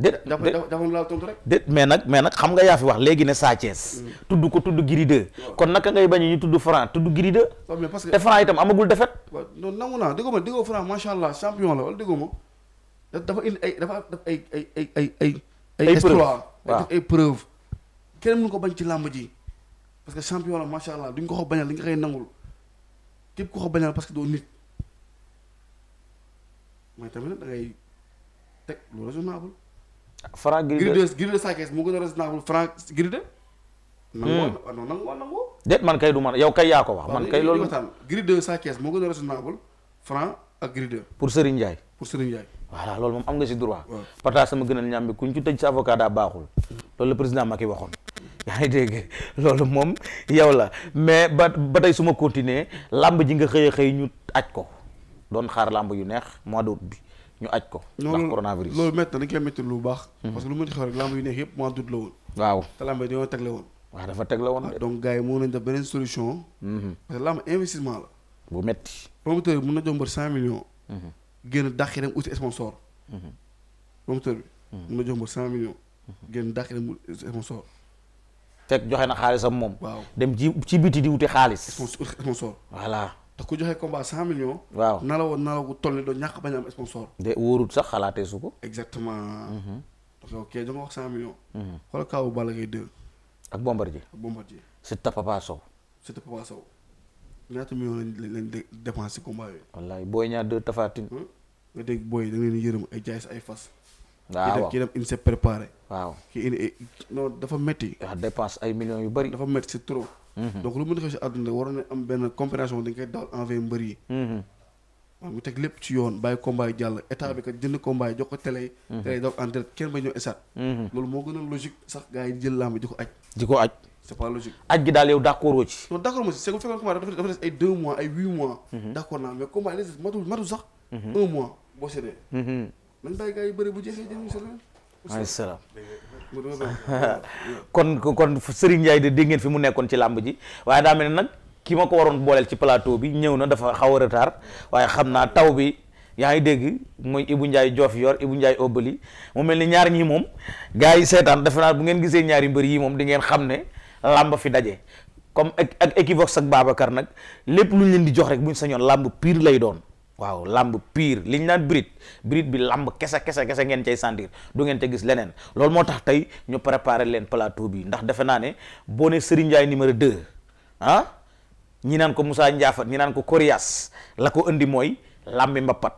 dafa dafa laal tontu rek. déet mais nag xam nga yaa fi wax léegi ne Sa mm. tudd ko tudd Gris kon naka ngay bañ ñu tudd Franc tudd Gris 2. mais parce que te Franc itam amagul défaite. waaw non nangu naa déggoo ma déggoo Franc macha allah champion la wala déggoo ma dafa indi ay dafa def ay ay ay ay ay. ay exploit ay preuve kenn mënu ko bañ ci làmb ji parce que champion la macha allah duñ ko xoo bañal li nga koy nangul képp ku ko bañal parce que doo nit mooy tamit da ngay teg lu raisonnable. Franc Gris 2 Gris 2 Sa a raisonnable Franc Gris 2. Hmm. nangoo non nangoo nangoo. déet man kay du man yow kay yaa ko wax. man kay loolu waaw Gris 2 Sa Thiès moo gën a raisonnable Franc ak Gris pour Serigne Ndiaye. pour Serigne Ndiaye. voilà moom am nga si droit. partage sama gënal ñaam bi kuñ ci tëj sa avocat daa baaxul. loolu la président Macky waxoon. yaa ngi dégg loolu moom yow la mais ba ba tey suma ma continuer làmb ji nga xëy a xëy ñu aj ko doon xaar làmb yu neex mois d'août bi ñu aj ko. ndax coronavirus loolu métti na dañ koy métti lu baax. Mhm. parce que lu mu di xew rek làmb yu neex yëpp mois d'août la woon. waaw te làmb yi dañoo la woon. waaw dafa tegle woon ah, donc gars yi moo nañ def beneen solution. Mhm. parce que làmb investissement la. bu metti promoteur mun na jox mbër cent millions. Mhm. génn dàqi dem uti sponsor. promoteur bi. mun na jox mbër cent millions. génn sponsor. teg joxe na xaalisam moom. waaw dem ci ci biti di wuti xaalis. sponsor voilà. te ku joxe combat cent millions. waaw nalaw nalaw gu toll nii doo ñàkk bañ am sponsor. de wóorut sax xalaatee su ko. exactement. Mhm. parce que ok dama wax cent millions. Mhm. xoolal kaw Balla Gaye 2. ak Bombardier. ak Bombardier. Siteu Papa Sow. Siteu Papa Sow. ñaata millions lañ lañ dépense ci combat yooyu. wallaay booy ñaar deux tafaatin. nga dégg booy da ngeen yërëm ay jaay ay fas. waaw kii dem waaw kii indi eh, non dafa métti. waaw dépense ay millions yu bëri. dafa métti c'est trop. Mhm. donc lu mu def si àdduna waroon na am benn comparaison dañ koy dawal mbër yi. Mhm. waaw mu teg lépp ci yoon bàyyi combat jàll état bi kat jënd combat jox ko télé. Mhm. télé donc en direct kenn ba ñëw esat. loolu moo gën a logique sax gars yi jël lamb di ko aj. di ko aj. c'est pas logique. aj gi daal yow d'accord ci. non d'accord ma si c'est que bu fekkoon combat dafa dafa des ay deux mois ay huit mois. d'accord naa mais combat yi des matul matul sax. un mois boo séddee. nañ bàyyi gars yi bëri bu jeexee jënd maaleykum salaam kon kon Serigne Ndiaye de dégg fi mu nekkoon ci làmb ji waaye daa mel ne nag ki ma ko waroon booleel ci plateau bi ñëw na dafa xaw a retard waaye xam naa taw bi yaa ngi dégg mooy Ibou Ndiaye Diofior Ibou Ndiaye Obali mu mel ni ñaar ñi moom gars yi seetaan defe naa bu ngeen gisee ñaari mbër yi moom di ngeen xam ne làmb fi daje comme ak ak Equivox ak Babacar nag lépp lu ñu leen di jox rek buñ sañoon làmb pire lay doon. waaw làmb piir li ñu naan bride bride bi làmb kese kese kese ngeen cay sentir du ngeen ca gis leneen loolu moo tax tey ñu préparé leen plateau bi ndax defe naa ne boo ne Serigne Ndiaye numéro 2 ah ñi naan ko Moussa Ndiafat ñi naan ko Coriace la ko indi mooy lambi mbappat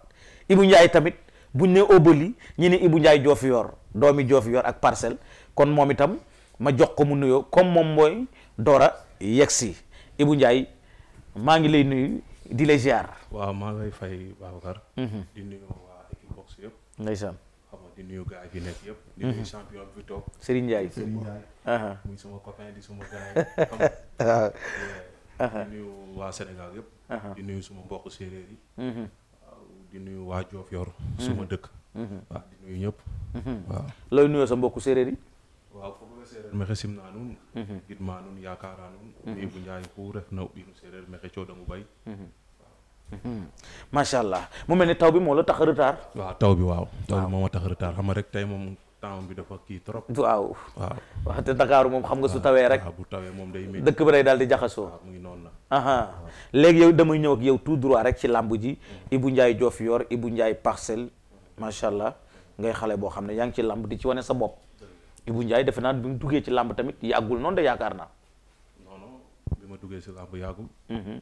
Ibou Ndiaye tamit buñ ne Obali ñu ne Ibou Ndiaye Diofior doomi Diofior ak parcelle kon moom itam ma jox ko mu nuyoo comme moom mooy Dora yegsi ibu njaay maa ngi lay nuyu. di la waaw maa lay fay Babacar. Mhm. di nuyu waa équipe box yëpp. ndeysaan. xam nga di nuyu gars yi nekk yëpp. di mhm. nuyu toog. Serigne Ndiaye Serigne Ndiaye. suma copain di suma gars xam nga. yëpp. di nuyu suma mbokk séeréer yi. Mhm. di nuyu waa Diofior. suma dëkk. waaw di nuyu ñëpp. waaw looy nuyoo sa mbokk séeréer yi. waaw foog nga séeréer mexe simnaa nun gidmaa nun yaakaaraa nun ku ref na ɓiinu séeréer mexe coodangu bay Hmm. macha allah mu mel ni taw bi moo la tax a retard. taw bi waaw. taw bi moo ma tax a retard xam nga rek tey moom temps bi dafa kii wax te Dakar moom xam nga su tawee rek. bu tawee moom day dëkk bi day daal di jaxasoo. waaw muy noonu la. léegi yow damay ñëw ak yow tout droit rek ci làmb ji. Hmm. Ibou Ndiaye Diofior Ibou Ndiaye Parcelles macha allah ngay xale boo xam ne yaa ngi ci làmb di ci wane sa bopp. Ibou Ndiaye defe naa bi mu duggee ci làmb tamit yàggul noonu de yaakaar naa. non ma duggee ci làmb yàggul. Hmm.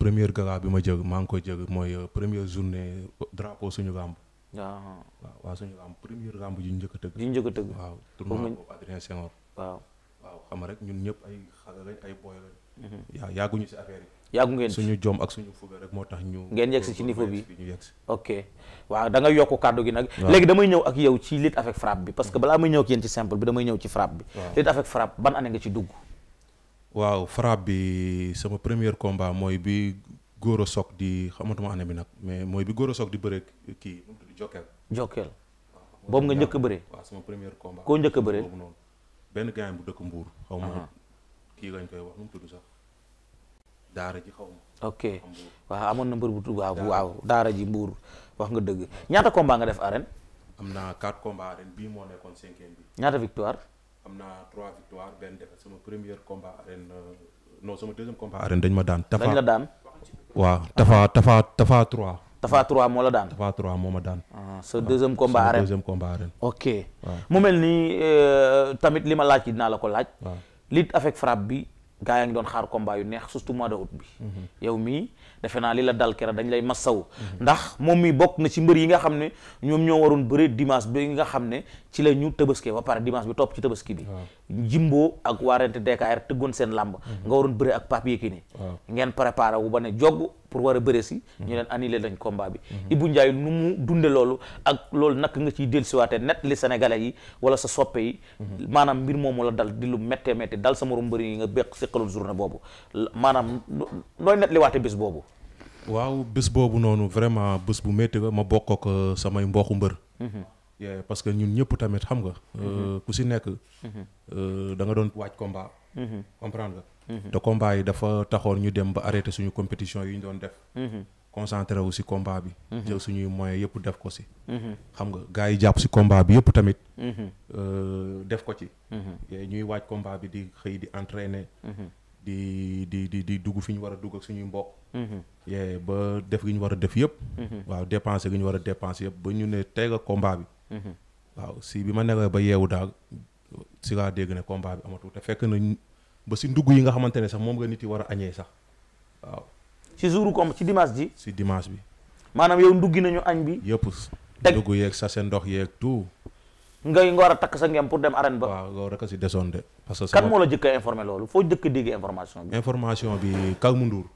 première gala bi ma jëg maa ngi ko jëg mooy euh, première journée euh, drapeau suñu làmb ah. waaw waaw suñu làmb première làmb yu ñu njëkk a tëgg yu ñu njëkk a tëgg waaw tournoi boobu Adrien Senghor waaw waaw xam ñun ñëpp ay xale lañ ay boy lañ mhm. yaa yàgguñu si affaire suñu jom ak suñu fuga rek moo tax ñu ngeen yegsi ci niveau bi ñu yegsi ok waaw da nga kàddu gi nag léegi damay ñëw ak yow ci lutte avec frappe bi parce que mhm. balaa may ñëw ak yéen ci simple bi damay ñëw ci frappe bi lutte avec frappe ban année nga ci dugg waaw frappe bi sama première combat mooy bi Goro Sock di xamatuma année bi nag mais mooy bi Goro Sock di bëre kii Jokkel. Jokkel boobu nga njëkk a bëree. sama premier combat. koo njëkk a bëree boobu benn gars bu dëkk Mbour. xaw ma kii lañ koy wax nu ji xaw ma. amoon na mbër bu tudd waaw waaw Daara ji mbuur wax nga dëgg ñaata combat nga def arène. am na 4 combats arène bii moo nekkoon cinquième bi. ñaata victoire. Euh, dañ ma daan. Tafa dañ la daan. waaw Tafa Tafa Tafa 3. Tafa 3 moo la daan. Tafa 3 moo ma daan. Ah, sa deuxième combat arène deuxième combat arène. ok mu mel ni euh, tamit li ma laaj ci dinaa la ko laaj. waaw lutte avec frappe bi. gaa yaa ngi doon xaar combat yu neex surtout mois de bi. Mhm. yow mii defe naa li la dal dañ lay masawu. Mhm. ndax moom mi bokk na ci mbër yi nga xam ne ñoom ñoo waroon bëre dimanche bi nga xam ne ci la ñu tëbaskee ba pare dimanche bi topp ci tëbaski bi Jimbo ak waa Rente DKR tëggoon seen làmb mhm. nga waroon bëre ak Pape Yékini ngeen préparé wu ba ne jogg pour war a bëre si mhm. ñu leen annulé lañ combat bi mhm. Ibou Ndiaye nu mu dunde loolu ak loolu nak nga ciy dellusiwaate net li sénégalais yi wala sa soppe yi maanaam mbir moomu la dal di lu méttee méttee dal sama morom mbëri yi nga béq séqaloon journée boobu maanaam nooy net li waate bés boobu waaw bés boobu noonu vraiment bés bu métti ma bokk ak euh, samay mbokku mbër yeah, parce que ñun ñëpp tamit xam nga. Euh, mm-hmm. ku si nekk. Mm-hmm. Euh, da doon waaj combat. Mm-hmm. comprendre nga. te combat yi dafa taxoon ñu dem ba arrêté suñu compétition yi ñu doon def. concentré wu si combat bi. jël suñuy moyens yëpp def ko si. xam nga gars yi jàpp si combat bi yëpp tamit. Euh, def ko ci. ñuy waaj combat bi di xëy di entraîner. di di di di dugg fi ñu war a dugg ak suñuy mbokk. ba def gi ñu war a def yëpp. waaw dépenser gi ñu war a dépenser yëpp ba ñu ne teg ak bi. Mhm. waaw si bi ma nekkee ba yeewu daal si laa dégg ne combat bi amatul te fekk na ba si ndugg yi nga xamante ne sax moom nga nit yi war a añee sax waaw. si jour comme si dimanche ji. si dimanche bi. maanaam yow nduggi nañu añ bi. yëpp ndugg yeeg sa seen ndox yeeg tout. ngay nga war a takk sa ngem pour dem arène ba. waaw loolu rek a si desoon de. parce que moo la jëkk a loolu foo jëkk a dégg information bi. information bi Kalmu Ndour.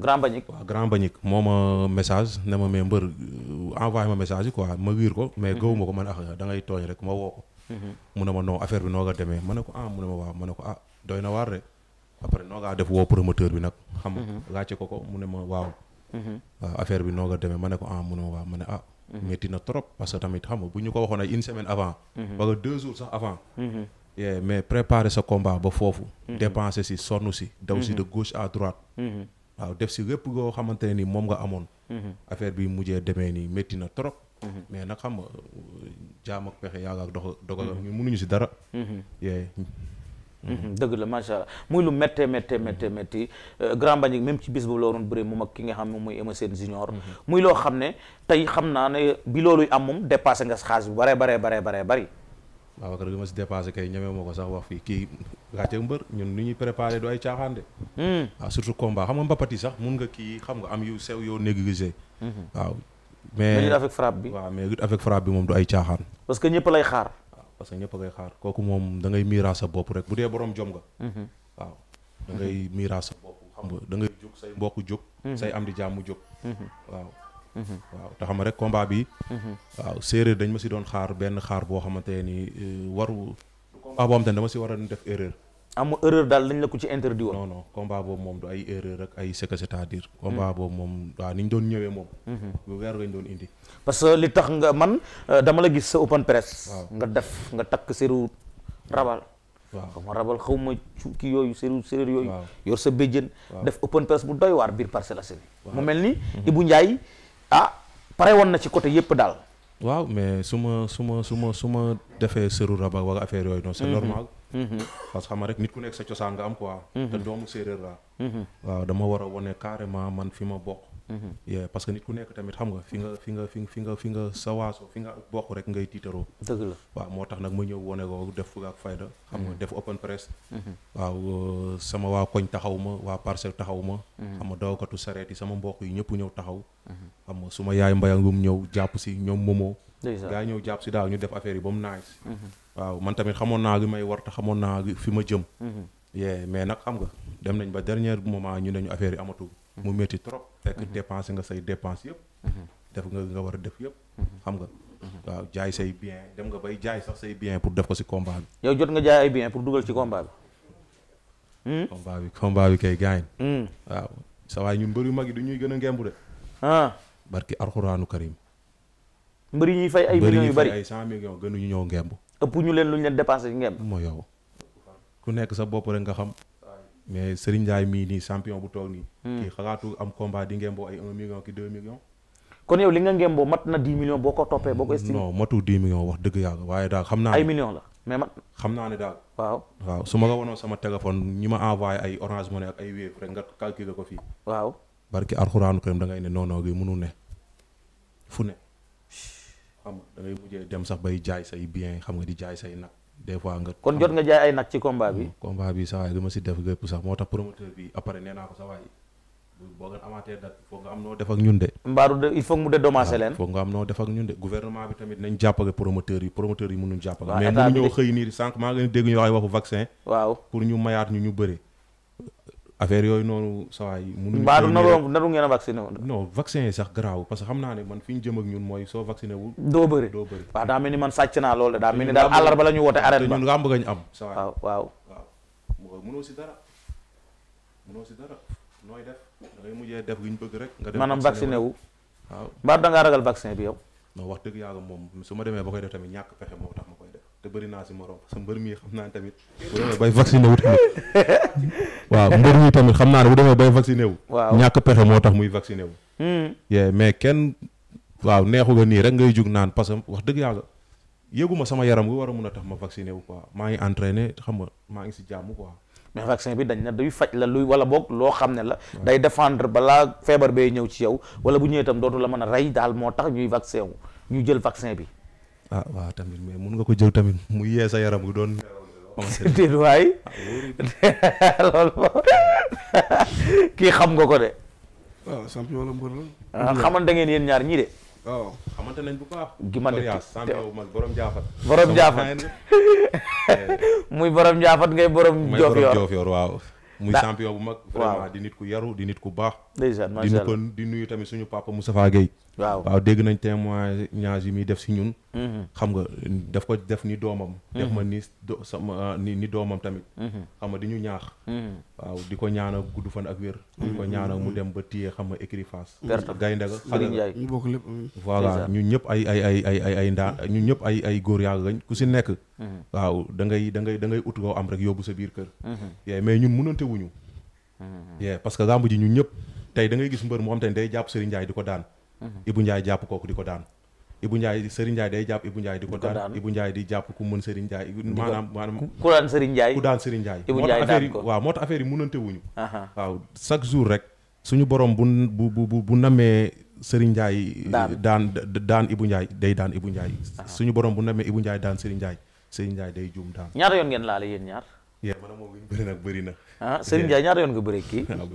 Grand Bañik waaw Grand Bañik moo ma message ne ma mais mbër euh, envoyé ma message yi quoi ma wiir ko mais mhm. gëwuma ah da tooñ rek ma woo ko mhm. mu ne ma non affaire bi noo ah, ah, nga mhm. ah, demee ma ne ko ah mu ne ma waaw ma ne ah de ma ne ko ah ma waaw ma ne ah metti na trop parce tamit xam bu ñu ko waxoon ay une semaine avant wala deux jours sax avant mais préparer sa combat ba foofu dépenser si sonn si daw si de gauche à droite waaw def si lépp goo xamante ne ni moom nga amoon. Mhm. affaire bi mujjee demee nii métti na trop. Mhm. mais nag xam nga euh, jaam ak pexe yàlla ak dox dogalam mhm. ñu mënuñu si dara. dëgg la macha allah muy lu mettee méttee méttee métti euh, grand Mbagnick même ci bis boobu la waroon bëree moom ak ki nga xam ne muy Eumeu Sène junior muy loo xam ne tey xam naa ne bi looluy am moom dépassé nga xaalis bu baree baree baree bare bari. Babacar bi ma si dépassé kay ñeme moo ko sax wax fii kii gàcce mbër ñun ni ñuy préparé du ay caaxaan de. Hmm. waaw surtout combat xam nga mbapat sax mun nga kii xam nga am yu sew yoo négligé. Hmm. waaw mais lutte avec bi. waaw mais lutte avec frappe bi moom du ay caaxaan. parce que ñëpp lay xaar. waaw parce que ñëpp a koy xaar kooku moom da ngay miiraa sa bopp rek bu dee borom jom nga. Hmm. waaw da ngay miiraa sa bopp xam nga da ngay jóg say mbokk jóg. say am di jàmm jóg waaw te xam rek combat bi. waaw séeréer dañ ma si doon xaar benn xaar boo xamante ni euh, waru. combat boo xamante ni dama si war a def erreur. am erreur daal dañ la ko ci interdit woon. non non combat boobu moom du mm-hmm. moom waaw ni ñu doon moom. bu mm-hmm. weer doon indi. parce que li tax nga man euh, dama la gis sa open press. nga def nga takk séeru rabal. waaw xaw ma rabal xaw ma kii yooyu séeru séeréer yooyu. yor sa béjjën. def open press bu doy waar biir Parcelles Assainies. mu mel ni mm-hmm. Ibou Ndiaye. ah pare woon na ci côté yëpp daal. waaw mais su ma su ma su ma su ma defee sëru a wala affaire yooyu noonu. c'est mhm. normal. Mhm. parce que xam rek nit ku nekk sa cosaan nga am quoi. Mhm. te doomu séeréer la waaw dama war a wone carrément man fi ma bokk. Mhm. yeah parce que nit ku nekk tamit xam nga fi nga fi nga fi fi nga fi nga sa waaso fi nga bokk rek ngay tiitaroo dëgg la waaw moo tax nag ma ñëw wone ko def fulla ak fayda xam nga mhm. def open press mhm. waaw euh, sama waa koñ taxaw ma waa parcelle taxaw ma xam nga dawkatu yi sama mbokk yi ñëpp ñëw taxaw xam nga su ma yaay mbayang mu ñëw jàpp si ñoom momoo gaa yi ñëw jàpp si daaw ñu def affaire yi ba mu nice man tamit xamoon naa li may war te xamoon naa fi ma jëm yee mais nag xam nga dem nañ ba dernier moment ñu ne ñu affaire yi amatul mu metti trop mhm. fekk dépense nga say dépense yëpp mhm. def nga nga war a def yëpp mhm. xam nga waaw jaay say bien dem nga bay jaay sax say bien pour def ko si combat bi yow jot nga jaay ay bien pour dugal ci combat bi hmm? combat bi combat kay gaañ hmm. waaw sa waay ñu mbër yu mag yi du ñuy gën a ngemb de ah barki arxuraanu karim mbër yi ñuy fay ay millions yu bari ay cent millions ñu ñëw ngemb ëpp ñu leen lu ñu leen dépensé ci ngemb moo yow ku nekk sa bopp rek nga xam mais Serigne Ndiaye mii nii champion bu toog nii. Hmm. kii xalaatu am combat di ngemboo ay 1 million ki 2 millions. kon yow li nga ngemboo mat na 10 millions boo ko toppee boo ko hmm, estimé. non matu wax dëgg yàlla waaye daal xam naa. ay la mais xam naa ne daal. waaw waaw su ma la wanoon sama téléphone ñi ma envoyé ay Orange Money ak ay Wave rek nga calculer ko fii. waaw. barki alxuraanu karim da ne non non gi mënu ne fu ne xam mujjee dem sax bay jaay say bien xam nga di jaay say nag. des fois nga. kon jot nga jaay ay nag ci combat bi. Mm, combat bi sa waay dama si def lépp sax moo tax promoteur bi après nee naa ko sa waay boo ngeen amaatee date foog nga am noo def ñun de. mbaaru de il faut noo def ak ñun de bi tamit nañ jàppale promoteur yi promoteur yi mënuñ jàppale. mais mënuñoo xëy nii sànq maa ngi leen dégg ñu wax waxu vaccin. waaw pour ñu mayaat ñu ñu bëri. affaire yooyu noonu sawaay mënuñu mbaa naru naru ngeen a vacciné woon non vaccin yi sax garaaw parce que naa ne man fi ñu jëm ñun mooy soo vacciné wu doo bëri doo bëri waaw daa mel ni man sàcc naa loolu de daa mel ni daal àllarba la ñu woote ba ñun nga si dara mënoo si dara nooy def def gi ñu bëgg rek nga def maanaam vacciné wu waaw mbaa dangaa ragal vaccin bi yow non wax dëgg yàlla moom su ma demee ba koy def tamit ñàkk pexe moo tax te bëri naa si morom parce que mbër mii xam naa tamit bu demee bay vacciné naa bu demee bay vacciné wu ñàkk pexe moo tax muy vacciné wu hmm. yee mais kenn waaw neexu nga nii rek ngay jug naan parce que wax dëgg yàlla yëguma sama yaram wu war a mun a tax ma vacciné wu quoi maa ngi entraîné xam nga maa ngi si jàmm quoi mais vaccin bi dañ na duy faj la luy wala boog loo xam ne la day défendre balaa feebar bay ñëw ci yaw wala bu ñëwee itam dootu la mën a rey daal moo tax ñuy vaccin ah waaw tamit mais mun nga ko jël tamit mu yee sa yaram bu doon. déet waay loolu moom kii xam nga ko de. waaw champion la mbër la. Ah, ngeen yéen ñaar ñii de. waaw xamante nañ bu baax. gimante te borom jaafat. borom jaafat muy borom jaafat ngay borom. Diofior muy muy champion bu mag. vraiment di nit ku yaru di nit ku baax. di nuppal di nuyu tamit suñu papa Moustapha Guèye waaw waaw dégg nañ témoignage yi muy def si ñun mm-hmm. xam nga daf ko def ni doomam mm-hmm. def ma ni sama ni ni doomam tamit mm-hmm. xam nga di ñu ñaax waaw di ko ñaanal gudd fan ak wér di mu dem ba téye xam nga écurie Fass gaynde ga xale ñu bokk voilà ñu ñëpp ay ay ay ay ay ay ndaa ñu ñëpp ay ay góor yàgg gañ ku si nekk waaw da ngay da ngay da ut koo am rek yóbbu sa biir kër yee mais ñun mënante wuñu yee parce que làmb ñu ñun ñëpp tey dangay gis mbër moo xam te ne day jàpp Serigne Ndiaye di ko daan mhm. Ibou Ndiaye jàpp kooku di ko daan Ibou Ndiaye Serigne Ndiaye day jàpp Ibou Ndiaye di ko daan Ibou Ndiaye di jàpp ku mën Serigne Ndiaye maanaam maanaam ku daan Serigne Ndiaye ku daan ko waaw moo tax affaire yi munante wuñu waaw chaque jour rek suñu borom bu bu bu bu namee Serigne Ndiaye eh, daan daan Ibou Ndiaye day daan Ibou Ndiaye suñu borom bu namee Ibou Ndiaye daan Serigne Ndiaye Serigne Ndiaye day juum daan ñaata yoon ngeen laale yéen ñaar yaa man a moom bëri nag bëri na ah yoon nga ah, bëri kii waaw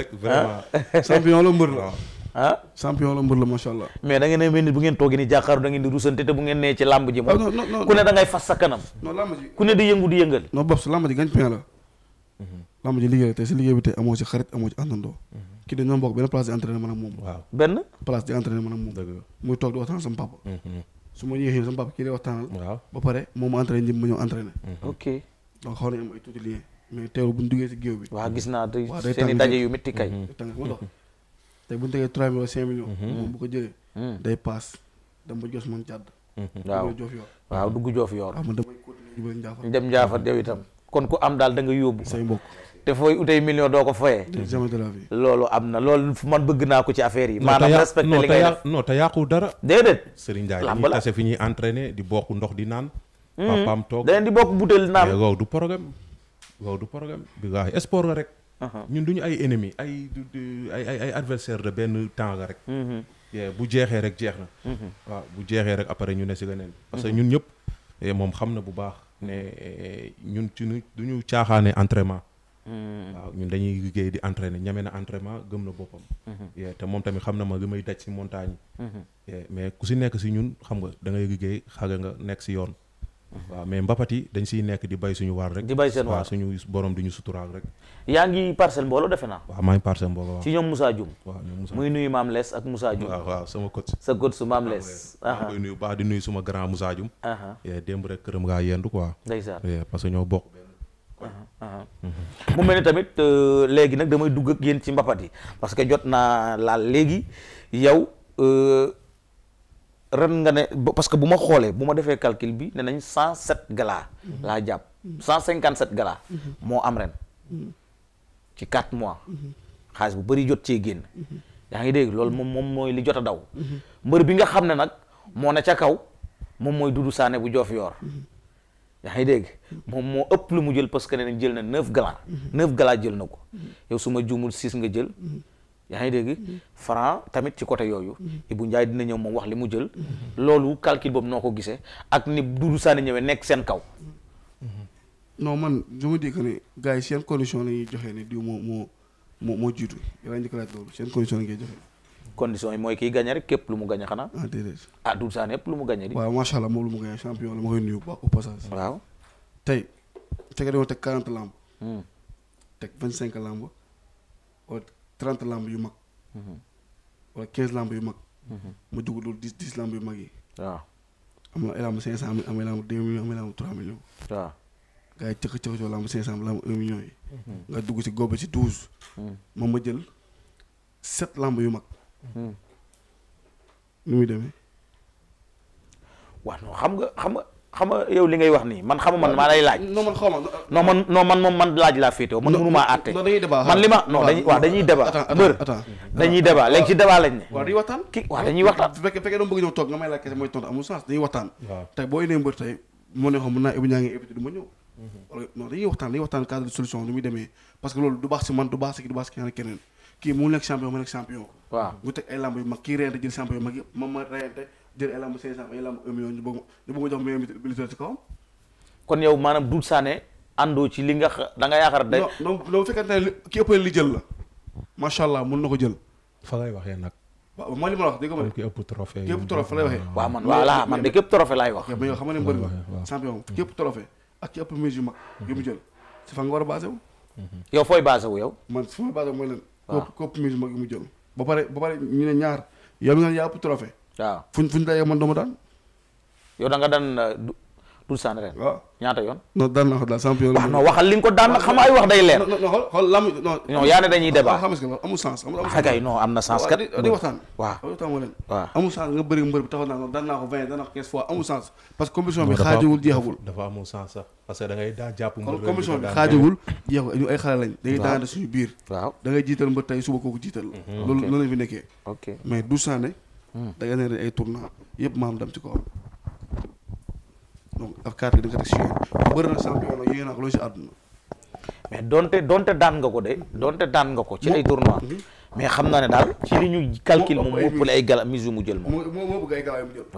rek ah. vraiment champion la mbër la ah, ah. allah mais da ne mel ni bu ngeen toogee ni jàkkaaru da di rusante te bu ngeen nee ci làmb ji moom ku ne da fas sa kanam làmb ji ku ne di yëngu di yëngal non bopp si làmb ji gagne-pain la mhm. làmb ji liggéey la te si liggéey bi tey amoo ci xarit amoo ci àndandoo mhm. kii dañoo bokk benn place di entraîné man ak moom benn place di entraîné mhm. ma donc xaw nañ am ay tuuti lien mais si géew bi. waaw gis naa te seen i daje yu métti kay. bu ñu tegee 3 millions 5 mhm. bu ko jëlee. Mhm. day paas dem ba jos man jàdd. Mhm. waaw dugg joof yoor waaw dugg joof yoor. waaw man damay continuer dem njaafat yow itam kon ku am daal dangay yóbbu. say mbokk. te fooy utay million doo ko foyee. loolu am na loolu man bëgg naa ko ci affaire yi. maanaam respecté li ngay def non te yàqu dara. déedéet Serigne Ndiaye dañuy tase fi ñuy entraîné di bokk ndox di naan. Mm-hmm. papaam toog da leen di bokk butéel naa waaw du programme waaw du programme bi waaw sport la rek uh-huh. ñun duñu ay ennemi ay ay ay ay adversaire de benn temps la rek mm-hmm. bu jeexee rek jeex na mm-hmm. waaw bu jeexee rek après ñu ne si leneen parce que ñun ñëpp eh, moom xam na bu baax ne eh, ñun ci duñu caaxaane entraînement waaw ñun dañuy liggéey di entraîner ñame na entraînement gëm na boppam te moom tamit xam na ma li may daj ci montagne mais ku si nekk si ñun xam nga da ngay liggéey xale nga nekk si yoon waaw mais mbapat yi dañ siy nekk di bay suñu waar rek. di bay seen waar suñu borom di ñu suturaal rek. yaa ngi parcelle mbooloo defe naa. waaw maa ngi parcelle mbooloo waaw. ci ñoom Moussa muy nuyu maam Les ak Moussa Dioum. waaw sama coach. sa coach su maam Les. maa koy nuy baax di nuyu suma grand Moussa Dioum. Eh, démb rek këram ngaa yendu quoi. ndeysaan eh, parce que ñoo bokk. mu mel ni tamit euh, léegi nag damay dugg ak yéen ci mbapat yi parce que jot naa laal léegi yow. Euh, ren nga ne parce que bu ma xoolee bu ma defee calcul bi ne nañ cent sept gala laa jàpp cent cinquante sept gala moo am ren ci quatre mois xaalis bu bëri jot cee génn yaa ngi dégg loolu moom moom mooy li jot a daw mbër bi nga xam ne nag moo ne ca kaw moom mooy Doudou Sané bu joof yoor yaa ngi dégg moom moo ëpp lu mu jël parce que ne nañ jël na neuf gala neuf gala jël na ko yow su ma juumul nga jël yaa ngi dégg mm-hmm. franc tamit ci côté yooyu mm-hmm. Ibou Ndiaye dina ñëw moom wax li mu jël mm-hmm. loolu calcul boobu noo ko gisee ak ni Doudou Sané ñëwee nekk seen kaw non man je me dis que yi seen condition la ñuy joxe ne diw moo moo moo moo jiitu yàlla njëkk laaj loolu seen condition la ngay joxe condition yi mooy kiy gagné rek képp lu mu gagné xanaa ah déedéet ah Doudou Sané yëpp lu mu gagné di waaw macha allah moom lu mu gagné champion la ma koy nuyu bu baax au passage waaw tey tega dima teg 40 lamb hmm. teg 25 lamb trente lamb yu mag. Mhm. wala quinze lamb yu mag. Mhm. ma dugg loolu dix dix lamb yu mag yi. waaw am na lamb cinq cent mille am na lamb deux millions am trois millions. waaw gars yi cëkk cëkk coow cinq cent lamb mhm. nga dugg si góobe si douze. ma ma jël sept lamb yu mag. nu muy demee. waaw non xam nga xam nga. xam nga yow li ngay wax nii man xama man man man laaj laa féetewoo man nga may laaj kese mooy tontu amul sens dañuy ma nekk champion mu nekk champion waaw mu teg ay lamb yu mag kii reyante jël champion mag ma reyante jël ay lamb 500 ay lamb 1 million ñu yow maanaam Doudou Sané àndoo ci li nga da nga yaakaar day. non non bu fekkente ne ki ëpp li jël la macha allah mun na ko jël. fa lay waxee nag. waaw ma la wax dégg nga man ki ëpp trophée. ki ëpp trophée fa lay waxee. waaw man voilà mu jël si fa nga war a basé wu. Mm-hmm. yow fooy basé wu man fu ma basé wu mooy leen. waaw ëpp mise mag yu mu jël. ba pare ba pare ñu ne ñaar yow mi nga yaa ëpp trophée waaw fuñ fuñ la yemoon dama daan. yow da nga daan euh, Doudou Sané ren. waaw ñaata yoon. non daan naa ko daal champion la. Ah, non li nga ko daan wax day leer. non non xool xool lam non. Ah, xam nga amul sens amul ah, sens. kay na sens kat. di waxtaan waaw di waxtaan moo leen. waaw amul sens nga bëri mbër bi taxaw naa ko daan naa ko vingt daan ko quinze fois amul sens. parce que compétition bi xaajawul jeexagul. dafa amul sens sax parce que da ngay daa jàpp mbër bi compétition bi xaajawul jeexagul ñu ay xale lañ. da da ngay jiital mbër tey suba kooku jiital. Mhm. loolu noonu lañ nekkee. ok mais Doudou Sané da ngay ay tournant yëpp maam dem ci kawam donc ak carte di teg si yoon bëri na champion nag yooyu nag loo si mais donte donte daan nga ko de donte daan nga ko ci ay tournoi mais xam naa ne daal ci li ñu calcul moom mu ëppale ay gala mise mu jël moom moo bëgg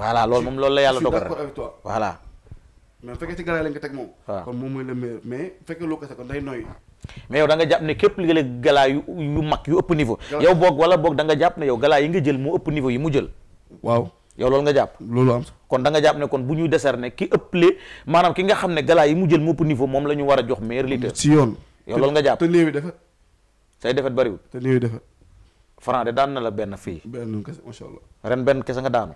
loolu moom loolu la yàlla dogal d'accord avec toi voilà mais fekkee ci gala lañ ko teg moom kon moom mooy le mais fekkee loo ko teg kon day mais yow da nga jàpp ne képp li galaa yu yu mag yu ëpp niveau yow boog wala boog da nga jàpp ne yow galaa yi nga jël moo ëpp niveau yi mu jël waaw yow loolu nga jàpp loolu am kon da nga jàpp ne kon bu ñuy décerner ki ëpp le maanaam ki nga xam ne yi mu jël moo moom la ñu war a jox meilleur lutteur si yoon yow loolu nga jàpp te léewi defet say defet bariwul te de daan na la benn fii benn kese macha ren benn kese nga daanu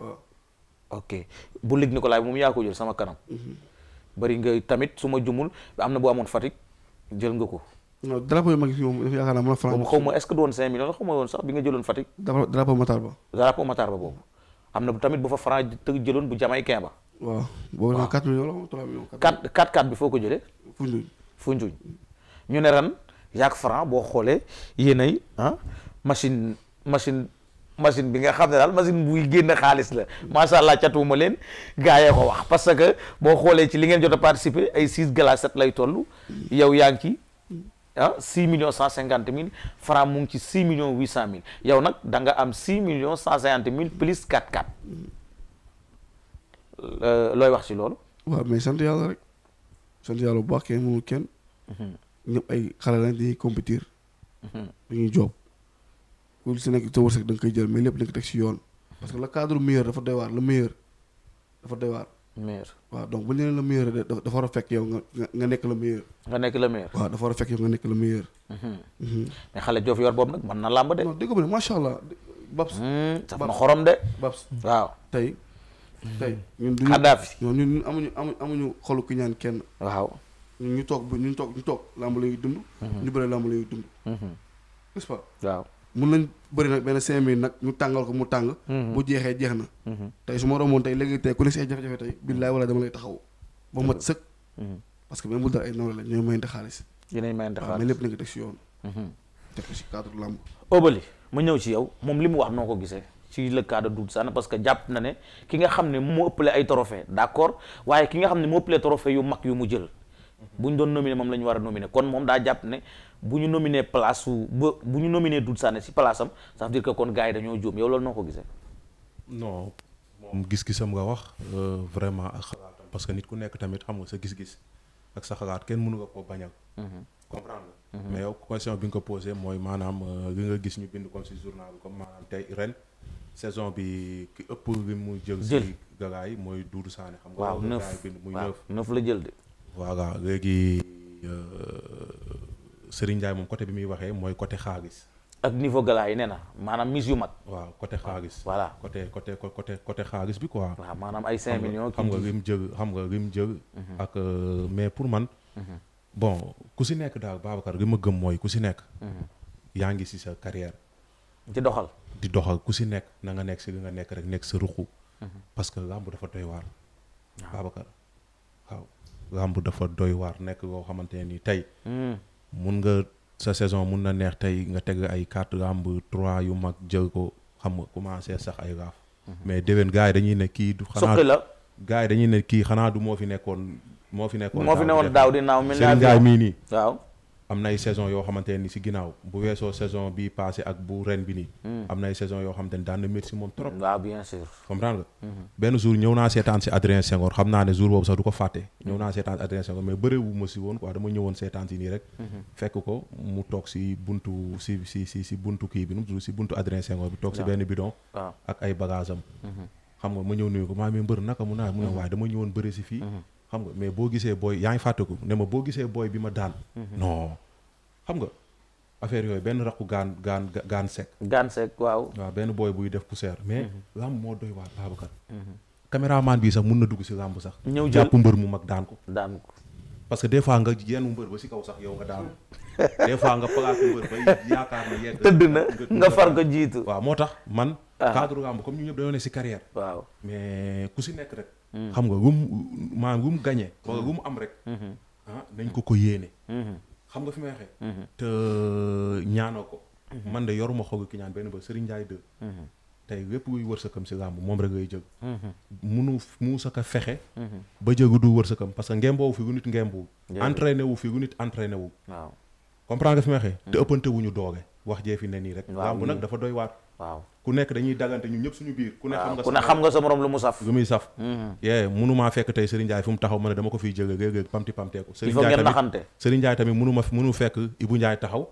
ok bu lig Nicolas bi moom yaa ko jël sama kanam mhm. bari nga tamit su ma jumul am na bu amoon Fatick jël nga ko non drapeau yu mag yi moom yaakaar naa mën a franc boobu xaw ma est-ce que doon 5 millions xaw ma woon sax bi nga jëloon Fatick drapeau Matar Ba drapeau Matar Ba boobu am na tamit bu fa franc të jëloon bu jamaïcain ba waaw boobu nag 4 millions la 3 millions 4 4 4 bi foo ko jëlee Foundiougne Foundiougne ñu ne ren yaak franc boo xoolee yéenay ah machine machine machine bi nga xam ne daal machine buy génn xaalis la macha allah catuma leen gaa yee ko wax parce que boo xoolee ci li ngeen jot a participer ay 6 gala 7 lay toll yow yaa ngi ci ah 6 cent cinquante mille franc mu ngi ci 6 millions 800 mille yow nag da nga am 6 millions 150 mille plus 4 4 euh, looy wax ci loolu. waaw mais sant yàlla rek sant yàlla bu baax kenn mënul kenn. Mhm. ñëpp ay xale lañ dañuy compétir. Mhm. dañuy job ku si nekk sa wërsëg da nga koy jël mais lépp da teg si yoon. parce que le cadre meilleur dafa doy waar le meilleur dafa doy waar. waaw donc bu ñu leen le meilleur dafa war a fekk yow nga nga nekk le meilleur. nga nekk le meilleur. waaw dafa war a fekk yow nga nekk le meilleur. Mhm. Mhm. mais xale Joof yor boobu nag mën na làmb de. non dégg nga macha allah. Babs mhm, saf na xorom de. Babs waaw tey. tey ñun du ñu xadaafi ñun ñun amuñu amuñu xolu ku ñaan kenn. waaw ñu toog ñu toog ñu toog làmb lay dund. ñu bëre làmb lay dund. n'est-ce pas waaw. mun nañ bëri nag benn cinq nag ñu tàngal ko mu tàng mu mhm. jeexee jeex na mhm. tey su ma romoon tey léegi tey ku ne si ay jafe-jafe tey billaay wala dama lay taxaw ba mat mhm. sëkk parce que bu dara ay nawle la ñooy mayante xaalis yéenay mayante xaalis mais lépp nañ ko yoon teg ko si cadre lamb Obeuli ma ñëw ci yow moom li mu wax noo ko gisee ci le cas de Doudou Sané parce que jàpp na ne ki nga xam ne moo ëppale ay trophée d'accord waaye ki nga xam ne moo ëppale trophée yu mag yu mu jël bu ñu doon nominé moom la ñu war a nominé kon moom daa jàpp ne bu ñu nominé place su ba bu ñu nominé Doudou Sané si place am ça veut kon gars yi dañoo juum yow loolu noo ko gisee. no moom gis-gisam nga wax euh, vraiment ak xalaatam parce que nit ku nekk tamit xam sa gis-gis ak sa xalaat kenn mënu nga koo bañal. Mhm. comprendre mhm. mais yow question bi nga ko posé mooy maanaam euh, li nga gis ñu bind comme si journal comme maanaam tey ren. saison bi ki ëpp li mu jël si gars yi mooy Doudou Sané xam nga waaw neuf bind muy neuf neuf la jël de voilà léegi euh, Serigne Ndiaye moom côté bi muy waxee mooy côté xaalis. ak niveau gala yi nee na maanaam mise yu mag. waaw côté xaalis. voilà côté côté côté côté xaalis bi quoi. waaw maanaam ay 5 millions. xam nga rim jël xam nga rim jël. Mhm. ak euh, mais pour man. Mhm. bon ku si nekk daal Babacar li ma gëm mooy ku si nekk. Mhm. yaa ngi si sa carrière. di doxal. di doxal ku si nekk na nga nekk si li nga nekk rek nekk sa ruqu. parce que làmb dafa doy waar. waaw waaw làmb dafa doy waar nekk loo xamante ne nii tey. mun nga sa saison mun na neex tey nga teg ay quatre ramb trois yu mag jël ko xam nga commencé sax ay raaf. Mhm. mais déwén gars yi dañuy ne kii du. xanaa la gars yi dañuy ne kii xanaa du moo fi nekkoon moo fi nekkoon. moo fi nekkoon daaw di naaw mel ni Serigne Ndiaye mii nii waaw. am na ay saison yoo xamante nii si ginnaaw bu weesoo saison bi passé ak bu ren bi nii. Hmm. am na ay saison yoo xamante ni daan na métti si moom trop. Hmm. benn jour ñëw naa seetaan si Adrien Senghor xam naa ne jour boobu sax du ko fàtte. ñëw hmm. naa seetaan si Adrien Senghor mais bëre wu ma si woon quoi dama ñëwoon seetaan si nii rek. fekk ko mu toog si buntu si si si si buntu kii bi nu mu tudd si buntu Adrien Senghor bi. toog si benn bidon. ak ay bagages am. xam nga ma ñëw nuyu ko maa mi mbër naka mu naa ñëwoon bëre si fii. xam nga mais boo gisee booy yaa ngi fàtte fàttaku ne ma boo gisee booy bi ma daan. Mhm. non xam nga affaire yooyu benn raqu gaan gaan gaan sec. gaan sec waaw. waaw benn booy buy def poussière. mais mhm. làmb moo doy waar Babacar. Mhm. caméraman bii sax mun na dugg si làmb sax. ñëw jël jàpp mbër mu mag daan ko. daan ko parce que des fois nga yenn mbër ba si kaw sax yow nga daan des fois nga placer mbër ba yaakaar na yegg. tëdd na nga far ko jiitu. waaw moo tax man. Ah. cadre lamb comme ñu ñëpp dañoo ne si carrière waaw mais ku si nekk rek hmm. xam nga wum maanaam wum gagné wala wum hmm. am rek hmm. ah nañ ko ko yéene xam nga fi may waxee te euh, ñaanoo ko man de yoruma xoogu ki ñaan benn ba Serigne Ndiaye 2 tey lépp luy wërsëkam si làmb moom rek ngay jëg munu muusa ka fexe ba jëgu du wërsëkam parce que ngemboowu fi gu nit ngembowu entraîné wu fi gu nit entraîné wu waaw comprendre nga fi may waxee te ëppante wuñu doole wax jee fi ne nii rek làmb nag dafa doy waat waaw ku nekk dañuy dagante ñu ñëpp suñu biir ku ne xam nga ne xam nga sa morom lu mu saf lu muy saf mm-hmm. yee mënumaa fekk tey Serigne Ndiaye fu mu taxaw ma dama ko fiy jege géegéeg pamti pamteeku Serigne Ndiaye tamit Serigne Ndiaye tamit mënu fekk Ibou Ndiaye taxaw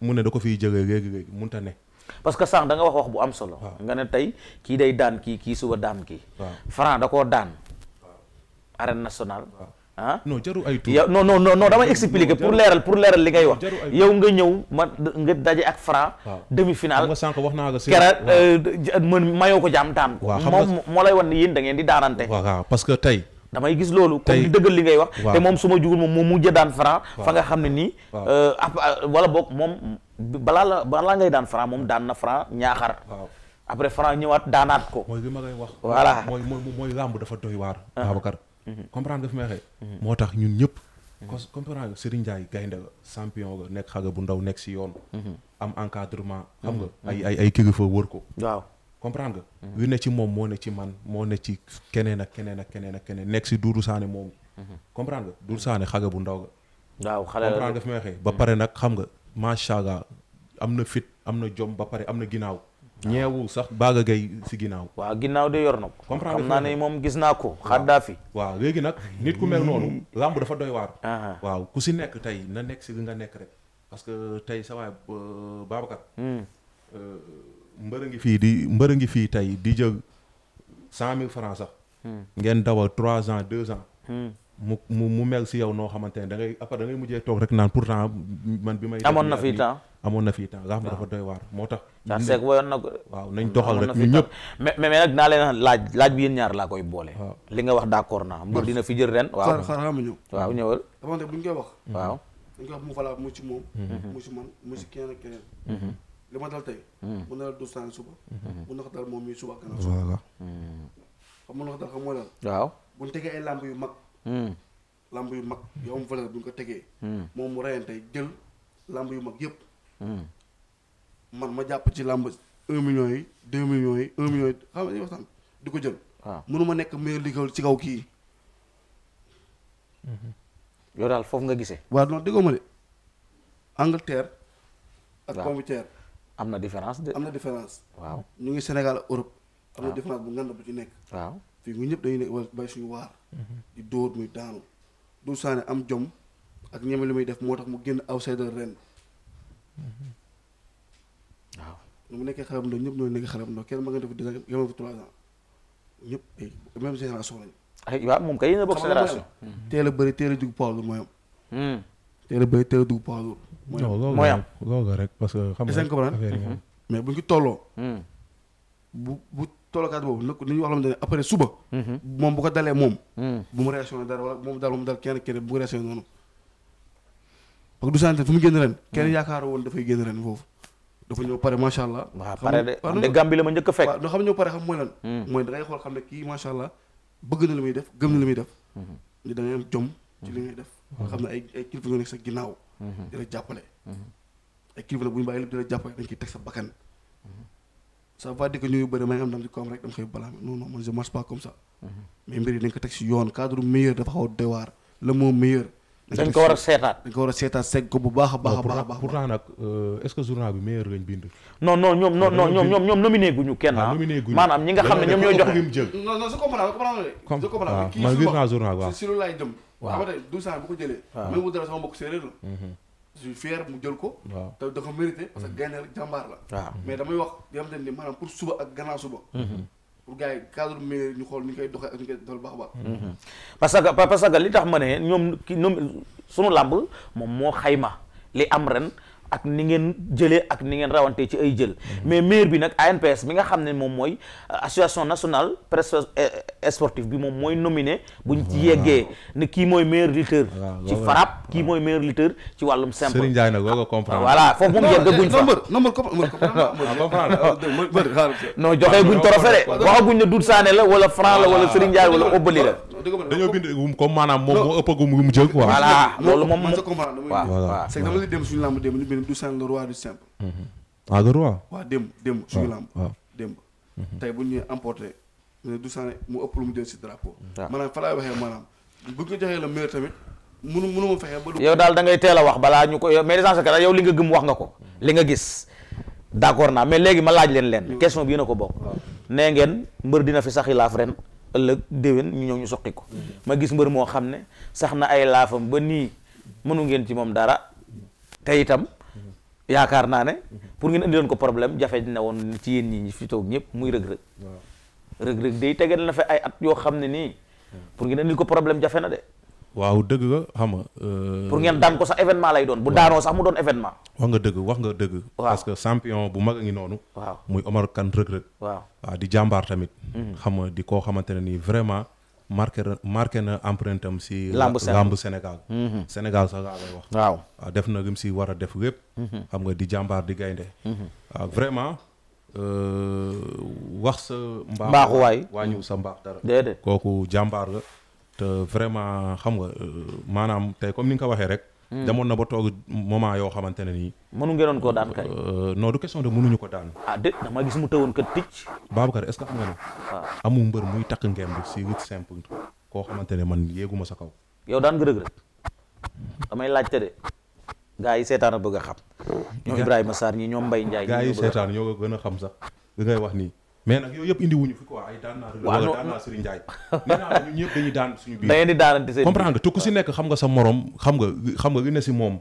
mu ne da ko fiy jëga géegigéeg munta ne parce que sànq da nga wax wax bu am solo nga ne tey kii day daan kii kii suba daan kii Franc da koo daan arène ah non jarul ay tur yow non non non damay expliquer pour leeral li ngay wax yow nga ñëw ma nga daje ak Franc demi final nga sànq wax naa ko si kera euh, man mayoo ko jàmm taam moom moo lay wan ne yéen da ngeen di daarante waaw parce que tey damay gis loolu comme dëggal li ngay wax te moom suma ma jugul moom moom mujjë daan Franc fa nga xam ne nii euh, euh, wala boog moom balaa la balaa ngay daan Franc moom daan na Franc ñaaxar après Franc ñëwaat daanaat ko mooy li ma wax voilà mooy mooy mooy dafa doy waar ah. Mhm. comprendre nga fi may waxee. Mhm. moo tax ñun ñëpp. Mhm. cos comprendre nga Serigne Ndiaye gaynde ga champion nekk xaga bu ndaw nekk si yoon. am encadrement. xam nga ay ay ay kilifa wër ko. waaw comprendre nga. wi ne ci moom moo ne ci man moo ne ci keneen ak keneen ak keneen ak keneen nekk si Doudou Sané moomu. comprendre nga Doudou Sané xaga bu ndaw ga. waaw xale comprendre nga fi may waxee. ba pare nag xam nga macha allah am na fit am na jom ba pare am na ginnaaw. ñeewul sax Balla Gaye si ginnaaw waaw ginnaaw de yor na ko comprendre xam naa ne moom gis naa ko xaddaa fi waaw léegi nag nit ku mel noonu làmb dafa doy waar ah, ah. waaw ku si nekk tey na nekk si li nga nekk rek parce que tey sa waay euh, Babacar hmm. euh, mbër ngi fii di mbër a ngi fii tey di jël cent mille francs hmm. ngeen dawa trois ans deux ans hmm. mu mu si yow noo xamante ne da ngay après da ngay mujjee toog rek naan pourtant man bi may. amoon na fii temps amoon na fii temps nga xam dafa doy na ko. waaw nañ doxal rek ñun ñëpp. mais mais nag laaj laaj laa koy boole. li nga wax d'accord naa mbër dina fi jël ren. waaw xaar xaar ma ñëw. waaw ñëwal. dama ne bu ñu koy wax. Mhm. waaw dañ koy wax mu valable mu ci mhm. mhm. li ma dal tey. mën na la douze ans suba. mën na ko dal moom mii suba ak kanam suba. voilà. xam mën dal waaw bu ñu ay lamb yu mag Hmm. lamb yu mag yu am valeur bu ñu ko tegee. Hmm. moom mu reyante jël lamb yu mag yëpp. Hmm. man ma jàpp ci làmb un million yi deux millions yi un million yi xam nga di ko jël. waaw ah. mënu ma nekk meilleur liggéey ci kaw kii. Mhm. yow daal foofu nga gisee. waaw non déggoo ma de Angleterre. ak Combeferre. am na différence de. am na différence. waaw ñu ngi Sénégal Europe. am na ah. différence bu ngand bu ci nekk. waaw fii ñun ñëpp dañuy nekk bay suñu waar. di dóor muy daanu Doudou Sané am jom ak ñeme li muy def moo tax mu génn outsider ren waaw nu mu nekkee xaram ndaw ñëpp noonu nekkee xaram ndaw kenn ma nga def deux ans yemam moom kay yéen a bokk génération teel bëri teela a jug poids lourd mooy am teel bëri teel a jug poids lourd mooy am loolu rek parce que xam nga affaire yi mais bu ñu ko tolloo hmm. bu bu toolokaat boobu nag li ñu wax la ne après suba. Mhm. moom bu ko dalee moom. Mhm. bu mu réaction dara wala moom daal moom daal kenn kenn bu mu réaction noonu. parce que du santé fu mu génn ren. kenn mhm. yaakaar pare macha allah. pare de xam la ma njëkk a fekk. waaw xam ñëw pare xam mooy lan. mooy da xool xam ne kii macha allah bëgg na li muy def gëm na li muy def. ni da ngay am jom. ci li ngay def. xam ne ay ay kilifa nekk sa ginnaaw. di la jàppale. ay kilifa nag bu ñu bàyyi lépp di jàppale dañ ciy teg sa bakkan ça veut pas ñuy bëri may am dam ci koom rek dama koy balaame non man je marche pas comme ça mais mbir teg si yoon cadre meilleur dafa xaw a doy waar le mot meilleur dañ a seetaat dañ ko war a seetaat segg ko bu baax a baax a baax a baax pourtant nag euh, est-ce que journal bi xam ne ñoom ñooy ah, a su suis mu jël ko. waaw te dafa mérité parce que mm-hmm. gaynde jàmbaar la. mais mm-hmm. damay wax di nga xamante ne maanaam pour suba ak gannaaw suba. Mm-hmm. pour gars cadre mairie ñu xool ni ñu koy doxee ak ñu baax a baax. parce li tax ma ne ñoom ki ñoom sunu làmb moom moo xayma li am ren. ak ni ngeen jëlee ak ni ngeen rawante ci ay jël mhm. mais maire bi nag ANPS bi nga xam ne moom mooy euh, association national presse euh, sportive bi moom mooy nominé bu ci yeggee ne kii mooy meilleur lutteur kii mooy meilleur lutteur ci wàllum simple Serigne Ndiaye nag ko comprendre voilà foofu moom yeggaguñ fa la wala Franc la wala Serigne Ndiaye wala Obali la dañoo bind gum comme moom moo ëppagum gum jël quoi loolu moom waaw waaw c'est dama lay dem suñu ni Doussane le roi du simple. Mm-hmm. ah le roi. waaw ah, mm-hmm. bu ñu ñëwee mu ëpp lu mu jël si drapeau. waaw ah. maanaam fa laay waxee maanaam bu ñu joxee la meilleur tamit munu munu ma fexe ba. yow daal da ngay teel a wax balaa ñu ko mais l'essentiel que yow li nga gëm wax nga ko. Mm-hmm. li nga gis d'accord naa mais léegi ma laaj leen leen. question bi yéen a ko bokk. nee ngeen mbër dina fi sax saxi laaf ren ëllëg déwén ñu ñëw ñu soqi ko. ma gis mbër moo xam ne sax na ay laafam ba nii mënu ngeen ci moom dara te itam yaakaar naa ne pour ngeen indi ko problème jafe na woon ci yéen ñi fi toog ñëpp muy rëg-rëg rëg-rëg tegal na fa ay at yoo xam ne nii pour ngeen indi ko problème jafe na de waaw dëgg nga xam nga euh, pour ngeen daan ko sax événement lay doon bu daanoo sax mu doon événement wax nga dëgg wax nga dëgg parce que champion bu mag a ngi noonu waaw muy Omar Kane rëg-rëg waaw di jàmbaar tamit mm-hmm. xam di koo xamante nii vraiment marqué marqué na empreinte am si. lamb Sénégal mhm. Sénégal sax laa lay wax. waaw waaw ah, def na lim si war a def lépp. Mhm. xam nga di jàmbaar di gaynde. waaw mhm. ah, vraiment euh, wax sa. mbaaxu waa ñëw sa mbaax dara. déedéet kooku jàmbaar la te vraiment xam nga euh, maanaam tey comme ni nga ko waxee rek. Hmm. demoon na ba toog moment yoo xamante ne nii. mënu ngeen koo daan kay. Euh, non du question de mënuñu ko daan. ah déet dama gis mu tëwoon kat tic. Babacar est ce que xam nga ne. Ah. mbër muy takk ngemb si lutte simple koo xamante ne man yéeguma sa kaw. yow daan nga rëg rëg damay laajte de gaa yi seetaan a bëgg a xam. ñoom Ibrahima Sarr ñi ñoom Mbaye Ndiaye. ñoo gaa yi seetaan ñoo gën a xam sax li ngay wax nii. mais nag yooyu yëpp indiwuñu wuñu fi quoi ay daan naa wala daan naa naa ñun ñëpp dañuy daan suñu biir da ngeen di daanante nga te ku si nekk xam nga sa morom xam nga xam nga li ne si moom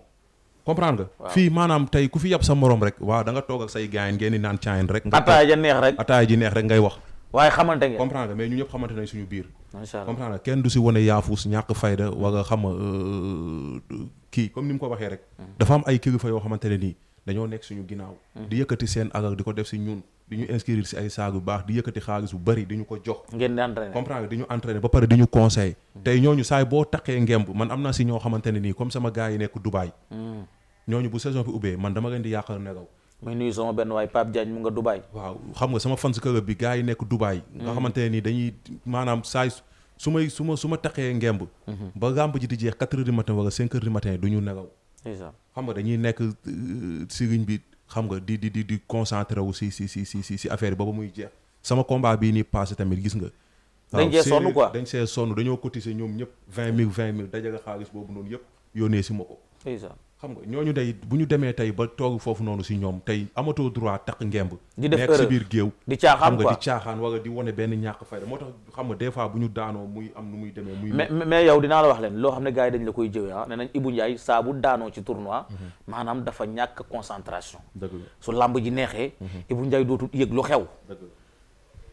comprendre nga fii maanaam tey ku fi yàpp sa moroom rek waaw danga toog ak say gaayen ngeen di naan caayen rek ataaya ji neex rek ataaya neex rek ngay wax waaye xamante ngeen comprendre nga mais ñu ñëpp xamante nañ suñu biir macha allah comprendre nga kenn du si wane yaafuus ñàkk fayda wala xam nga euh, kii comme ni mu ko waxee rek mm. dafa am ay kilifa yoo xamante ne nii dañoo nekk suñu ginnaaw mm. di yëkkati seen alal di ko def si ñun di ñu inscrire si ay saag yu baax di yëkkati xaalis bu bari di ñu ko jox. ngeen di entraîner comprendre di ñu entraîner ba pare di ñu conseil tey ñooñu saay boo taqee ngemb man am naa si ñoo xamante ne nii comme sama gars yi nekk Dubaay. Hmm. ñooñu bu saison bi ubbee man dama leen di yàqal nelaw. muy nuyu sama benn waay Pape Diagne mu nga Dubaay. sama fans bi gars yi nekk Dubaay. nga hmm. xamante ne nii dañuy maanaam saay su may su ma su ma taqee ngemb. Hmm. ba gàmb ji di jeex quatre heures du matin wala cinq heures du matin du ñu nelaw. xam nga dañuy nekk si euh, siriñ bi xam nga di di di di concentré wu si si si si si si affaire bi ba muy jeex sama combat bii ni passé tamit gis nga. dañ cee sonn quoi dañ cee sonn dañoo cotiser ñoom ñëpp vingt mille vingt mille dajale xaalis boobu noonu yëpp yónnee si ma ko. xam nga ñooñu day bu ñu demee tey ba toog foofu noonu si ñoom tey amatoo droit takk ngemb di def nekk si biir géew di caaxaan xam nga di caaxaan wala di wane benn ñàkk fayda moo tax xam nga des fois bu ñu daanoo muy am nu muy demee muy mais yow dinaa la wax leen loo xam ne gars yi dañ la koy jëwee ah ne nañ Ibou Ndiaye saa bu daanoo ci tournoi mhm. maanaam dafa ñàkk concentration dëgg la su làmb ji neexee mhm. Ibou Ndiaye dootul yëg lu xew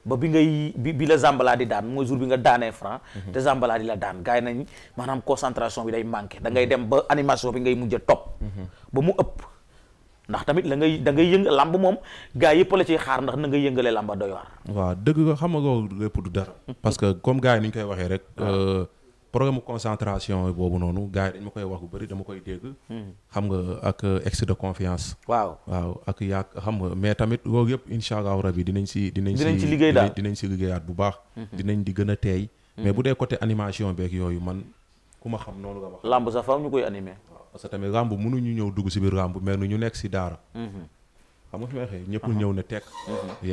ba bi ngay bi bi la Zambala di daan mooy jour bi nga daanee franc mhm. te Zambala di la daan gars yi nañ maanaam concentration bi day manqué dangay dem ba animation bi ngay mujj a topp mhm. ba mu ëpp ndax tamit la ngay da ngay yënga làmb moom gars yëpp la ciy xaar ndax na ngay yëngalee làmba doy waaw dëgg nga xam nga lépp du dara mm-hmm. parce que comme gars yi ni ñu koy waxee rek programme concentration boobu noonu gars dañ ma koy wax bu bëri dama koy dégg. Hmm. xam nga ak excès de confiance. waaw ak yaa xam nga mais tamit loolu yëpp incha allahu rabi dinañ si. dinañ si dinañ si liggéey daal dinañ si liggéeyaat bu baax. Hmm. dinañ di gën a teey. Hmm. mais bu dee côté animation beeg yooyu man ku ma xam noonu la ma. làmb sax faaw ñu koy animé. waaw parce que tamit làmb ñu ñëw dugg si biir làmb mais nu ñu nekk si daara. xam nga fi may waxee ñëpp uh-huh. ñëw ne tekk.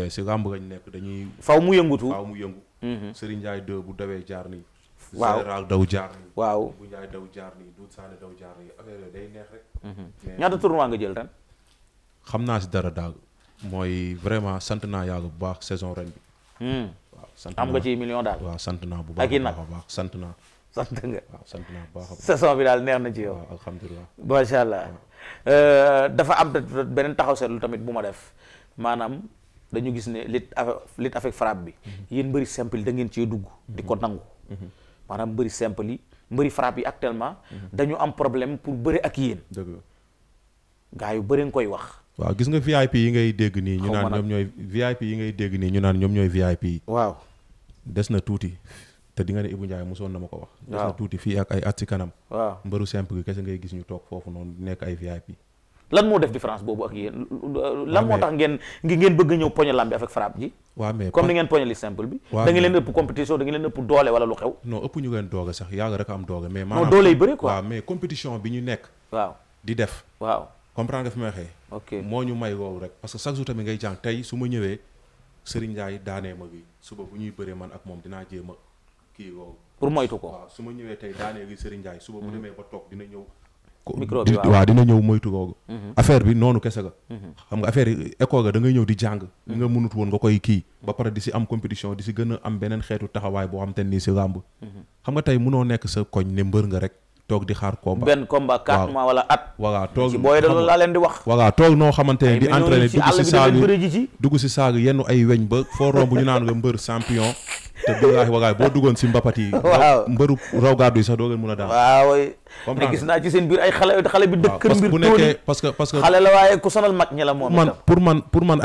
si làmb lañ nekk dañuy. faw mu yëngutu faaw mu yëngu. Serigne Ndiaye 2 bu dawee waaw général daw jaar waaw bu Njaay daw jaar nii Doudou daw jaar nii affaire mhm. nga jël ren. xam naa si dara daal mooy vraiment sant naa yàlla bu baax saison rek bi. Hmm. waaw sant am nga ci million daal. waaw sant naa bu baax a baax sant naa. sant nga waaw sant naa a saison bi daal neex na ci yow. waaw alhamdulilah. macha allah euh, dafa am beneen taxaw seetlu tamit bu ma def maanaam. dañu gis ne lit lit avec frappe bi mhm. yéen bëri semple da ngeen cee dugg di ko mhm. nangu maanaam mbëri simple yi mbëri frappe yi actuellement mhm. dañu am problème pour bëri ak yéen gaa yu bëri nga koy wax waaw gis nga VIP yi ngay dégg nii ñu naan ñoom ñooy VIP yi ngay dégg nii ñu naan ñoom ñooy VIP yi waaw des na tuuti te di nga ne Ibou Ndiaye musoon na ma ko wax des na tuuti fii ak ay at ci kanam waaw mbëru simple gi kese ngay gis ñu toog foofu noonu nekk ay VIP lan moo def différence boobu ak yéen. lan moo tax ngeen ngeen bëgg ñëw poñe lambi avec frappe ji. waaw mais comme ni ngeen poñe li simple bi. da ngeen leen ëpp compétition da ngeen leen ëpp doole wala lu xew. non ëpp ñu ngeen doole sax yàgg rek am doole. mais maanaam may waxee. moo ñu may woowu rek parce que chaque jour tamit ngay jàng tey su ma ñëwee Serigne Ndiaye daanee ma bi suba bu ñuy bëree man ak moom dinaa jéem a kii woowu. pour moytu ko su ma ñëwee tey daanee gi Serigne Ndiaye suba bu mm-hmm. demee ba toog dina ñëw micro bi waaw dina ñëw moytu googu. Mhm. affaire bi noonu kese ga. Mhm. xam nga affaire yi ga da ngay ñëw di jàng. Mhm. li nga mënut woon nga koy kii. ba pare di si am compétition di si gën a am beneen xeetu taxawaay boo xam te nii si xam nga tey munoo nekk sa koñ ne mbër nga rek. toog di xaar combat benn combat quatre mois wala at. voilà toog ci booy dal laa leen di wax. voilà toog noo xamante ne di entraîné dugg si saag dugg si yenn ay weñ ba foo romb ñu naan nga mbër champion. te billaahi wagaay boo duggoon si mbapat yi. waaw mbëru raw gàddu yi sax doo gën mun a daan. waaw te gis naa ci seen biir ay xale xale bi dëkk mbir bu nekkee parce que parce que xale la waaye ku sonal mag ñi la moom man pour man pour man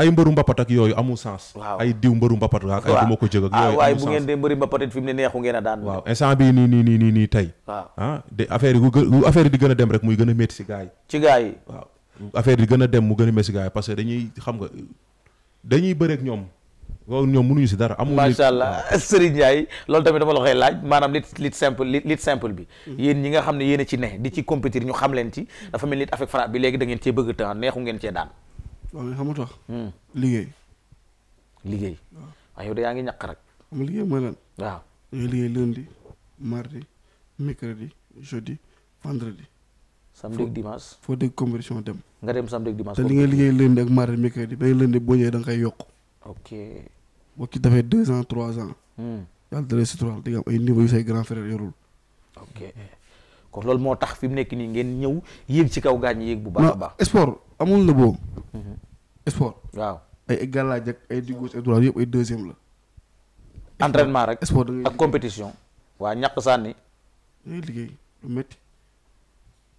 yooyu amul sens waaw ay diw mbapat ak ay ko ah, waaye bu ngeen dee mbëri mbapat it fi mu ne neexu ngeen a daan waaw instant bi nii nii nii nii nii tey ah, affaire yi ku affaire yi di gën a dem rek muy gën a métti si gars yi ci yi gën a mu gën a métti si gars yi parce que dañuy xam nga dañuy bëreek ñoom waaw ñoom mënuñu si dara amul macha allah Serigne Ndiaye loolu tamit dama la koy laaj maanaam lit lit simple lit bi hmm. yéen ñi nga xam ne yéen a ci ne di ci compétir ñu xam leen ci dafa mel ni lit avec Fra bi léegi da ngeen cee bëgg temps neexu ngeen cee daan hmm. liggéey liggéey ah, yaa ngi ñaq rek ama liggéey mooy lan waaw dañuy liggéey lundi mardi mercredi jeudi vendredi samedi ak dem nga dem samedi ak dimanche li ngay liggéey lundi ak mardi mercredi ba boo ñëwee da nga yokk ok boo ci defee deux ans trois ans. Hmm. yàlla da lay suturaal di nga am ay niveau yu say grand frère yorul. ok kon loolu moo tax fi mu nekk nii ngeen ñëw yéeg ci kaw gaañ yéeg bu baax baax. sport amul na boobu. Hmm. sport waaw ay gàllaaj ak ay di gauche ak droite yëpp ay deuxième la. entraînement rek sport da ngay compétition. waa ñàkk sànni. ngay liggéey lu métti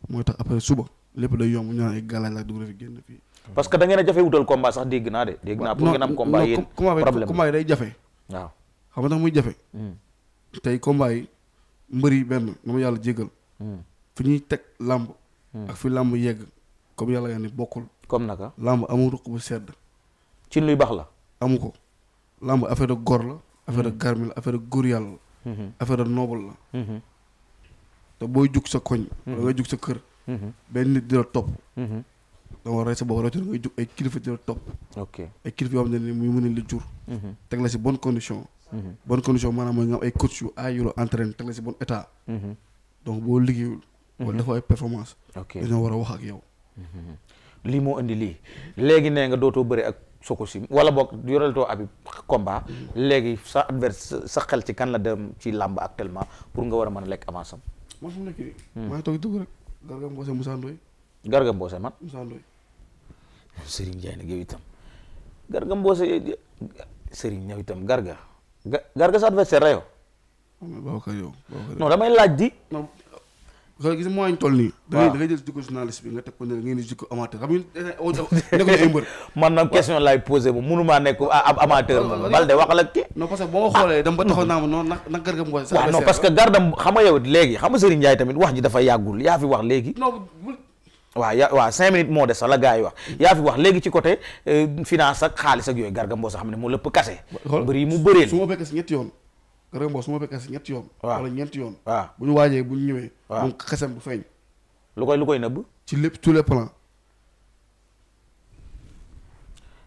mooy tax après suba. lépp day yomb ñu naan ay galaaj la dugg fi génn fii. parce que da a jafe wutal combat sax dégg naa de. dégg naa pour ngeen am combat yéen problème combat yi day jafe. waaw xam nga tax muy jafe. Hmm. tey combat yi mbër benn na yàlla jégal. Hmm. fi ñuy teg làmb. Hmm. ak fi làmb yegg comme yàlla nga ni bokkul. comme naka làmb amul ruq sedd. ci luy baax la. amu ko làmb affaire góor la. affaire garmi la affaire góor yàlla la. affaire noble la. te booy jug sa koñ. wala jug sa kër. Mhm. benn nit dina topp da mhm. war a rey sa bopp rawatina ngay jug ay kilifa dina topp ok ay kilifa yoo xam ne ni muy mën la jur mhm. teg la si bonne condition bonne condition maanaam mooy nga am ay coach yu aay yu la entraîné teg la si bon état donc boo liggéeyul wala dafa ay performance a léegi sa adversaire sa xel ci kan la dem ci làmb actuellement pour nga war a mën a lekk avance am man fu mu nekk nii maa ngi toog rek Garga Mbossé Moussa Ndoye. Garga Mbossé man. Moussa a Serigne Ndiaye nag yow itam Garga Mbossé Serigne ñëw itam Garga. Garga sa adversaire la yow. non laaj di. xool gis mooy ñu toll nii. waaw da ngay jël jikko journaliste bi nga teg ko ne ngeen di jikko amateur xam nga nekk ay mbër. man nag question laay parce que boo xoolee naa ma noonu yow léegi xam nga Serigne tamit wax ji dafa yàggul yaa fi wax léegi waaw ya waaw cinq minutes moo des sax la gars yi wax yaa fi wax léegi ci côté euh, finance ak xaalis ak yooyu gargam boo sax xam ne moo lëpp kase bëri mu bëreel su ma bekkee yoon Garga Mbossé su ma fekk xase ñetti waa wala ñeenti yoon. waaw bu ñu waajee bu ñu ñëwee. waaw moom xesam bu feeñ. lu koy lu koy nëbb. ci lépp tous le plans.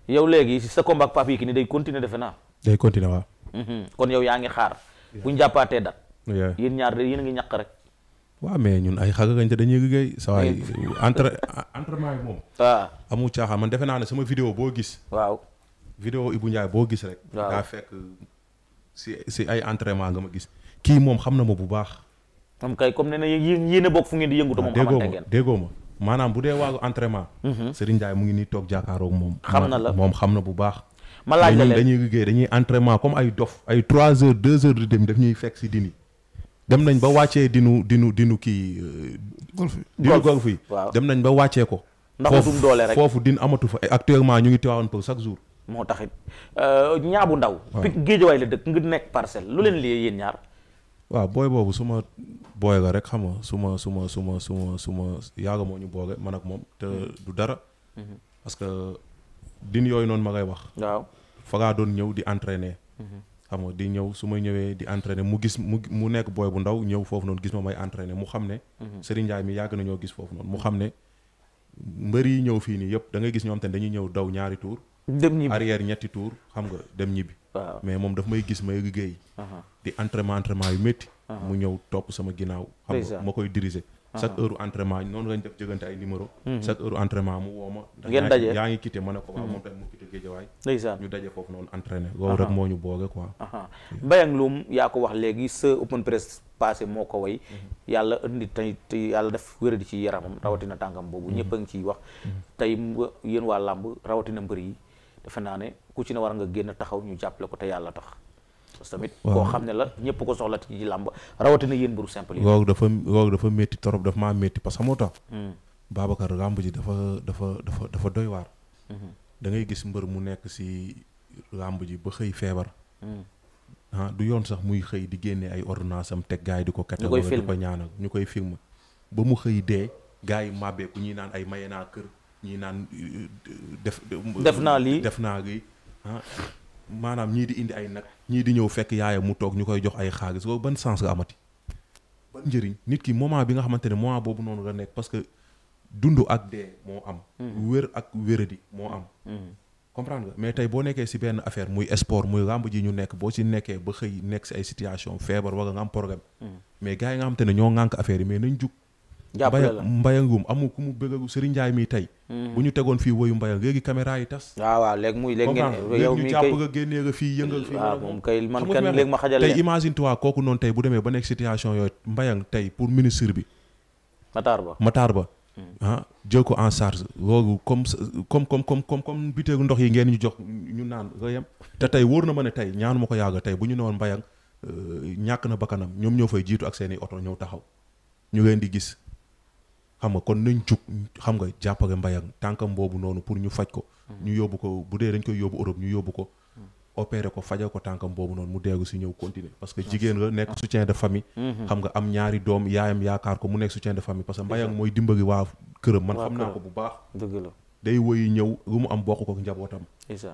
yow léegi si sa combat ak Pape Yékini day continuer defe naa. day continuer waaw. Mhm. kon yow yaa ngi xaar. bu ñu jàppaatee dat. yéen ñaar de yéen ngi ñàkk rek. waaw mais ñun ay xagagañ te dañuy liggéey. sa waay entre moom. waaw ah. amul caaxaan man defe naa ne sama vidéo boo gis. waaw vidéo Ibou Ndiaye boo gis rek. waaw fekk. si si ay entraînement nga ma gis kii moom xam na ma bu baax. xam kay comme ne na yéen a bokk fu ngeen di yëngu te moom xamante ngeen déggoo ma maanaam bu dee waagu entraînement. Mhm. Serigne Ndiaye mu ngi nii toog jàkkaaroog moom. xam na moom xam na bu baax. ma laaj la leen dañuy liggéey dañuy entraînement comme ay dof ay trois heures deux heures de demi daf ñuy fekk si dini. dem nañ ba wàccee dinu dinu dinu kii. Euh, golf dinu golf yi. dem nañ ba wàccee ko. ndax doole rek foofu din amatu fa actuellement ñu ngi teewoon pour chaque jour. moo taxit euh, ñaabu ndaw. waaw picc géejawaay la dëkk nga nekk parcelle lu leen lii yéen ñaar. waaw booy boobu suma ma booy la rek xam nga su ma su ma suma ma su ma su moo ñu boole man ak moom te hmm. du dara. Hmm. parce que din yooyu noonu ma wax. waaw fa doon ñëw di entraîner. Hmm. xam nga di ñëw su may ñëwee di entraîner mu gis mu mu nekk booy bu ndaw ñëw foofu noonu gis ma may entraîner mu xam ne. Serigne Ndiaye mi yàgg na ñoo gis foofu noonu mu xam ne mbër yi ñëw fii nii yëpp da ngay gis ñoom tamit dañuy ñëw daw ñaari tour dem ñibbi arrière ñetti tour xam nga dem ñibbi. waaw mais moom daf may gis may liggéey. di entraînement entraînement yu métti. mu ñëw topp sama ginnaaw. xam nga ma koy diriger. chaque heure entraînement noonu lañ def jëgante ay numéro mhm. chaque heure entraînement mu woo ma ngeen daje yaa ngi quitté ma ne ko waaw mhm. moom tamit mu quitté géejawaay ndeysaan ñu daje foofu noonu entraîné loolu rek moo ñu boole quoi Mbayang Loum yaa ko wax léegi sa open press passé moo ko way mhm. yàlla indi tey yàlla def wéradi ci yaramam rawatina tànkam boobu ñëpp a ngi ciy wax tey yéen waa làmb rawatina mbër yi defe naa ne ku ci ne war nga génn taxaw ñu jàppale ko te yàlla tax. parce que tamit koo xam ne la ñëpp ko soxla ci làmb rawatina yéen buru simple yi. waaw dafa waaw dafa métti trop dafa maa métti parce que moo hmm. ji dafa dafa dafa dafa doy waar. Hmm. da ngay gis mbër mu nekk si làmb ji ba xëy feebar. Hmm. ah du yoon sax muy xëy di génne ay ordonnance am teg gars yi di ko. ñu koy di ko ñaanal ñu koy film ba mu xëy dee. gars yi màbbee ku ñuy naan ay maye naa kër. ñii naan def. def naa lii def naa lii ah. maanaam ñii di indi ay nag. ñii di ñëw fekk yaayam mu toog ñu koy jox ay xaalis ko ban sens nga amati. ban njëriñ nit ki moment bi nga xamante ne moment boobu noonu la nekk parce que dund ak dee moo am. Hmm. wér ak wéradi moo am. Hmm. comprendre nga mais tey boo nekkee si benn affaire muy sport muy làmb ji ñu nekk boo si nekkee ba xëy nekk si ay situation feebar wala nga am problème. Hmm. mais gars yi nga xamante ne ñoo ŋànk affaire yi nañ jug. jàppale la Mbayang Ngum amul ku mu bëgg Serigne Ndiaye mii tey. Hmm. bu ñu tegoon fii woyu Mbayang léegi caméra yi tas. waaw ah, waaw léegi muy ñu jàpp nga génnee fii yëngal fii. Ah, waaw ma xajal leen tey imagine toi kooku noonu tey bu demee ba nekk situation yooyu Mbayang tey pour ministre bi. Matar Ba Matar Ba. Hmm. ah jël ko en charge loolu comme comme comme comme comme comme butéelu ndox yi ngeen ñu jox ñu naan yem. te tey wóor na ma ne tey ñaanu ma ko yàgg tey bu ñu newoon Mbayang euh, ñàkk na bakkanam ñoom ñoo fay jiitu ak seen i oto ñëw taxaw ñu leen di gis xam nga kon nañ jug xam nga jàppale mbay ak tànkam boobu noonu pour ñu faj ko. Mm. ñu yóbbu ko bu dee dañ koy yóbbu Europe ñu yóbbu ko. Mm. opéré ko faja ko tànkam mboobu noonu mu deegu si ñëw continuer parce que jigéen la nekk soutien de famille mm-hmm. xam nga am ñaari doom yaayam yaakaar ko mu nekk soutien de famille parce que mbayang mooy dimbali waa man xam naa ko bu baax dëgg la day woyi ñëw mu am bokk ko njabootam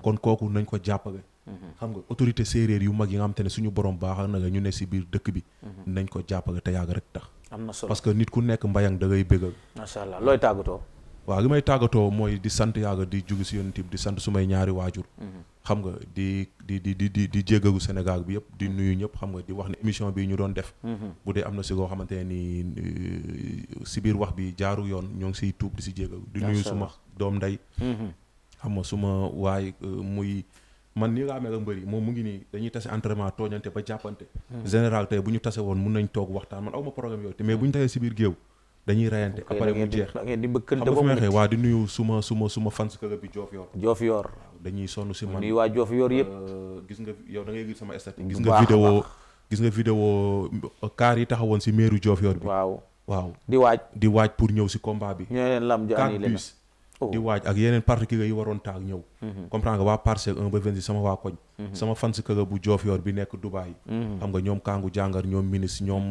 kon kooku nañ ko jàppale mm-hmm. xam nga autorité séeréer yu mag yi nga xam te ne suñu borom baaxal na ñu ne si biir dëkk bi mm-hmm. nañ ko jàppale te yàgg rek tax am na solo parce que nit ku nekk mbayang da ngay bégal. macha allah looy tàggatoo. waaw li may tàggatoo mooy di sant yàlla di jugu si yonent bi di sant sumay ñaari waajur. Mhm. xam nga di di di di di jéggalu Sénégal bi yëpp di mhm. nuyu ñëpp xam nga di wax ne émission bi ñu doon def. Mhm. bu dee am na si loo xamante ne nii euh, si biir wax bi jaaru yoon ñoo ngi siy tuub di si jéggalu. di nuyu suma doom ndey. xam nga suma waay euh, muy. man nii laa mel ak mbër yi moom mu ngi nii dañuy tase entraînement tooñante ba jàppante hmm. général tey bu ñu tase woon mun nañ toog waxtaan man aw ma programme yooyu te mais bu ñu tasee si biir géew dañuy rayante après mu jeex xam nga ma waxee waa di nuyu suma suma suma fans club bi Joof Yor Joof Yor dañuy sonn si man nuyu waa Joof Yor yëpp euh, gis nga yow da ngay gis sama statut gis nga vidéo gis nga vidéo kaar yi taxawoon si meeru Joof Yor bi waaw waaw di waaj di waaj pour ñëw si combat bi ñoo leen lam jo annulé Oh. di waaj ak yeneen particulier yi waroon taag ñëw mm-hmm. comprendre waa parcelle 1 ba 26 sama waa koñ mm-hmm. sama fans club bu joof bi nekk Dubaay mm-hmm. xam nga ñoom Kangu jàngar ñoom ministre ñoom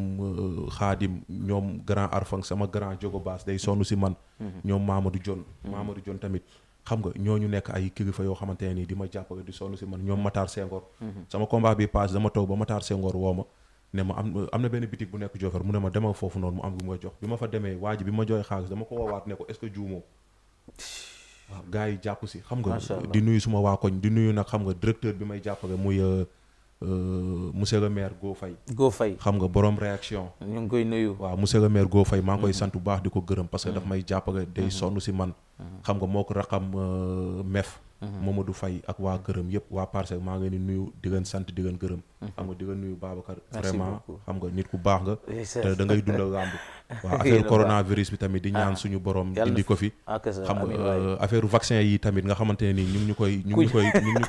Xaadim euh, ñoom grand Arfang sama grand Jogo Baas day sonn si man ñoom Mamadou Jon Mamadou Jon tamit xam nga sama combat bi passé dama toog ba Matar Senghor woo ne ma am na benn bitig bu nekk Diofior mu ne ma demal foofu noonu mu am lu ma jox bi ma fa demee waa bi ma joxe xaalis dama ko waaw gaa yi jàpp si xam nga di nuyu suma waa koñ di nuyu nag xam nga directeur bi may jàppale muy euh, euh, monsieur le maire goo fay goo fay xam nga borom réaction ñu ngi koy nuyu waaw monsieur le maire Go Faye maa ngi koy mm-hmm. sant bu baax di ko gërëm parce que daf mm-hmm. may jàppale day mm-hmm. sonn si man xam nga moo ko raqam euh, mef Mhm. du fay ak waa gërëm yëpp waa parce que maa ngi ni nuyu di leen sant di leen gërëm mhm. xam nga di leen nuyu Babacar vraiment xam nga nit ku baax nga te da ngay dundal làmb waaw affaire coronavirus bi tamit di ah. ñaan suñu borom dindi ko fi ah, xam nga euh, affaire vaccin yi tamit nga xamante ne nii ñu ñu koy ñu ngi ñu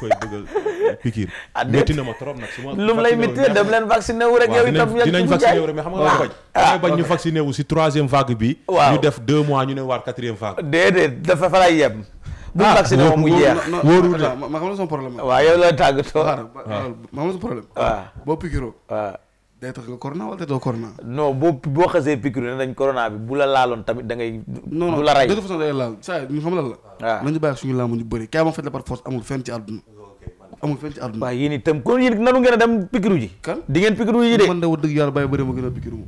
koy koy bëggal pikiir ah, na ma trop nag su ma lu mu lay métti dem leen vacciné wu rek yow itam dinañ vacciné rek mais xam nga bañ damay bañ ñu vacciné si troisième vague bi ñu def deux mois ñu ne waat quatrième vague déedéet dafa fa lay yem bu mu ah, vacciné moom mu jeex wóorul de ma xam la sama problème waaw yow la ma xam la sama problème boo pikiroo waaw day tax nga corona wala doo corona non boo boo xasee pikir ne dañ corona bi bu la laaloon tamit da ngay non du la rey de toute day laal saa ñu xam lan la waaw nañu bàyyi suñu laamu ñu bëri kaay ma faj la par force amul fenn ci àdduna amul fenn ci àdduna waaw yéen itam kon yéen nanu ngeen a dem pikiru ji kan di ngeen pikiru ji de man da wax dëgg yàlla bàyyi bëri ma gën a pikiru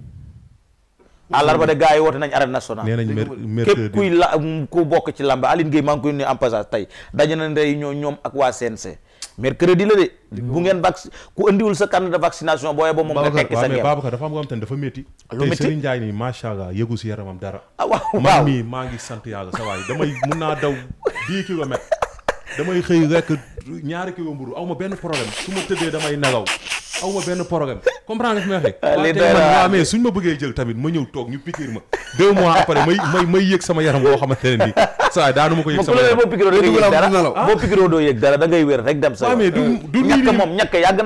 àllarba de gars yi woote nañ arène nationale nee nañ mercredi képp kuy la ku bokk ci làmb Aline Gueye maa ngi koy nuyu en passage tey daje na ndey ñoo ñoom ak waa CNC mercredi la de bu ngeen vac ku andiwul sa carnet de vaccination boo ba moom nga tekki sa ngeen Babacar dafa am nga xam te dafa métti lu métti Serigne Ndiaye nii macha allah yëgu si yaramam dara ah waaw man mii maa ngi sant yàlla sa waay damay mun naa daw dix kilomètres damay xëy rek ñaari kilo mburu aw ma benn problème su ma tëddee damay nelaw aw ma benn problème comprendre nga fi may ah, ma bëggee jël tamit ma ñëw toog ñu pikiir ma deux mois après may yëg sama yaram boo xamante ne nii saa daanu ma ko yëg sama yaram boo pikiroo doo yëg da ngay wér rek dem sa. waaw mais du du nii nii ñàkk du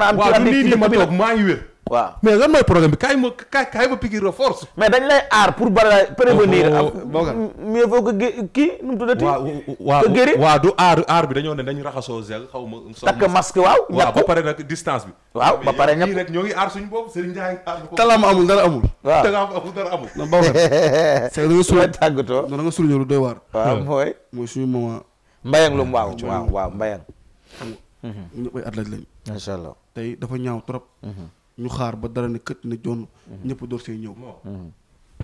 nii nii ma toog maa ngi wér. waaw mais lan mooy problème bi kaay ma kaay kaay ma piqûre force. mais dañ lay aar pour balaa prévenir. Oh, oh, ah, oh, mieux vaut que kii nu mu tuddati. waaw waaw du aar aar bi dañoo ne dañ raxasoo gel xaw ma. takk masque waaw. ñàkk ba pare nag distance bi. waaw ba pare ñëpp rek ñoo ngi aar suñu bopp Serigne Ndiaye aar ko. talaam amul dara amul. waaw talaam amul dara amul. non boo xam ne Seydou tàggatoo. non da nga suñu ñëw lu doy waar. waaw mooy. mooy suñu maman. mbayang lu mu waaw waaw waaw mbayang. ñu mhm. ñëpp ay athlète lañ. macha allah tey dafa ñaaw trop. Mhm. ñu xaar ba dara ne kët na joon mhm. ñëpp door see ñëw mhm.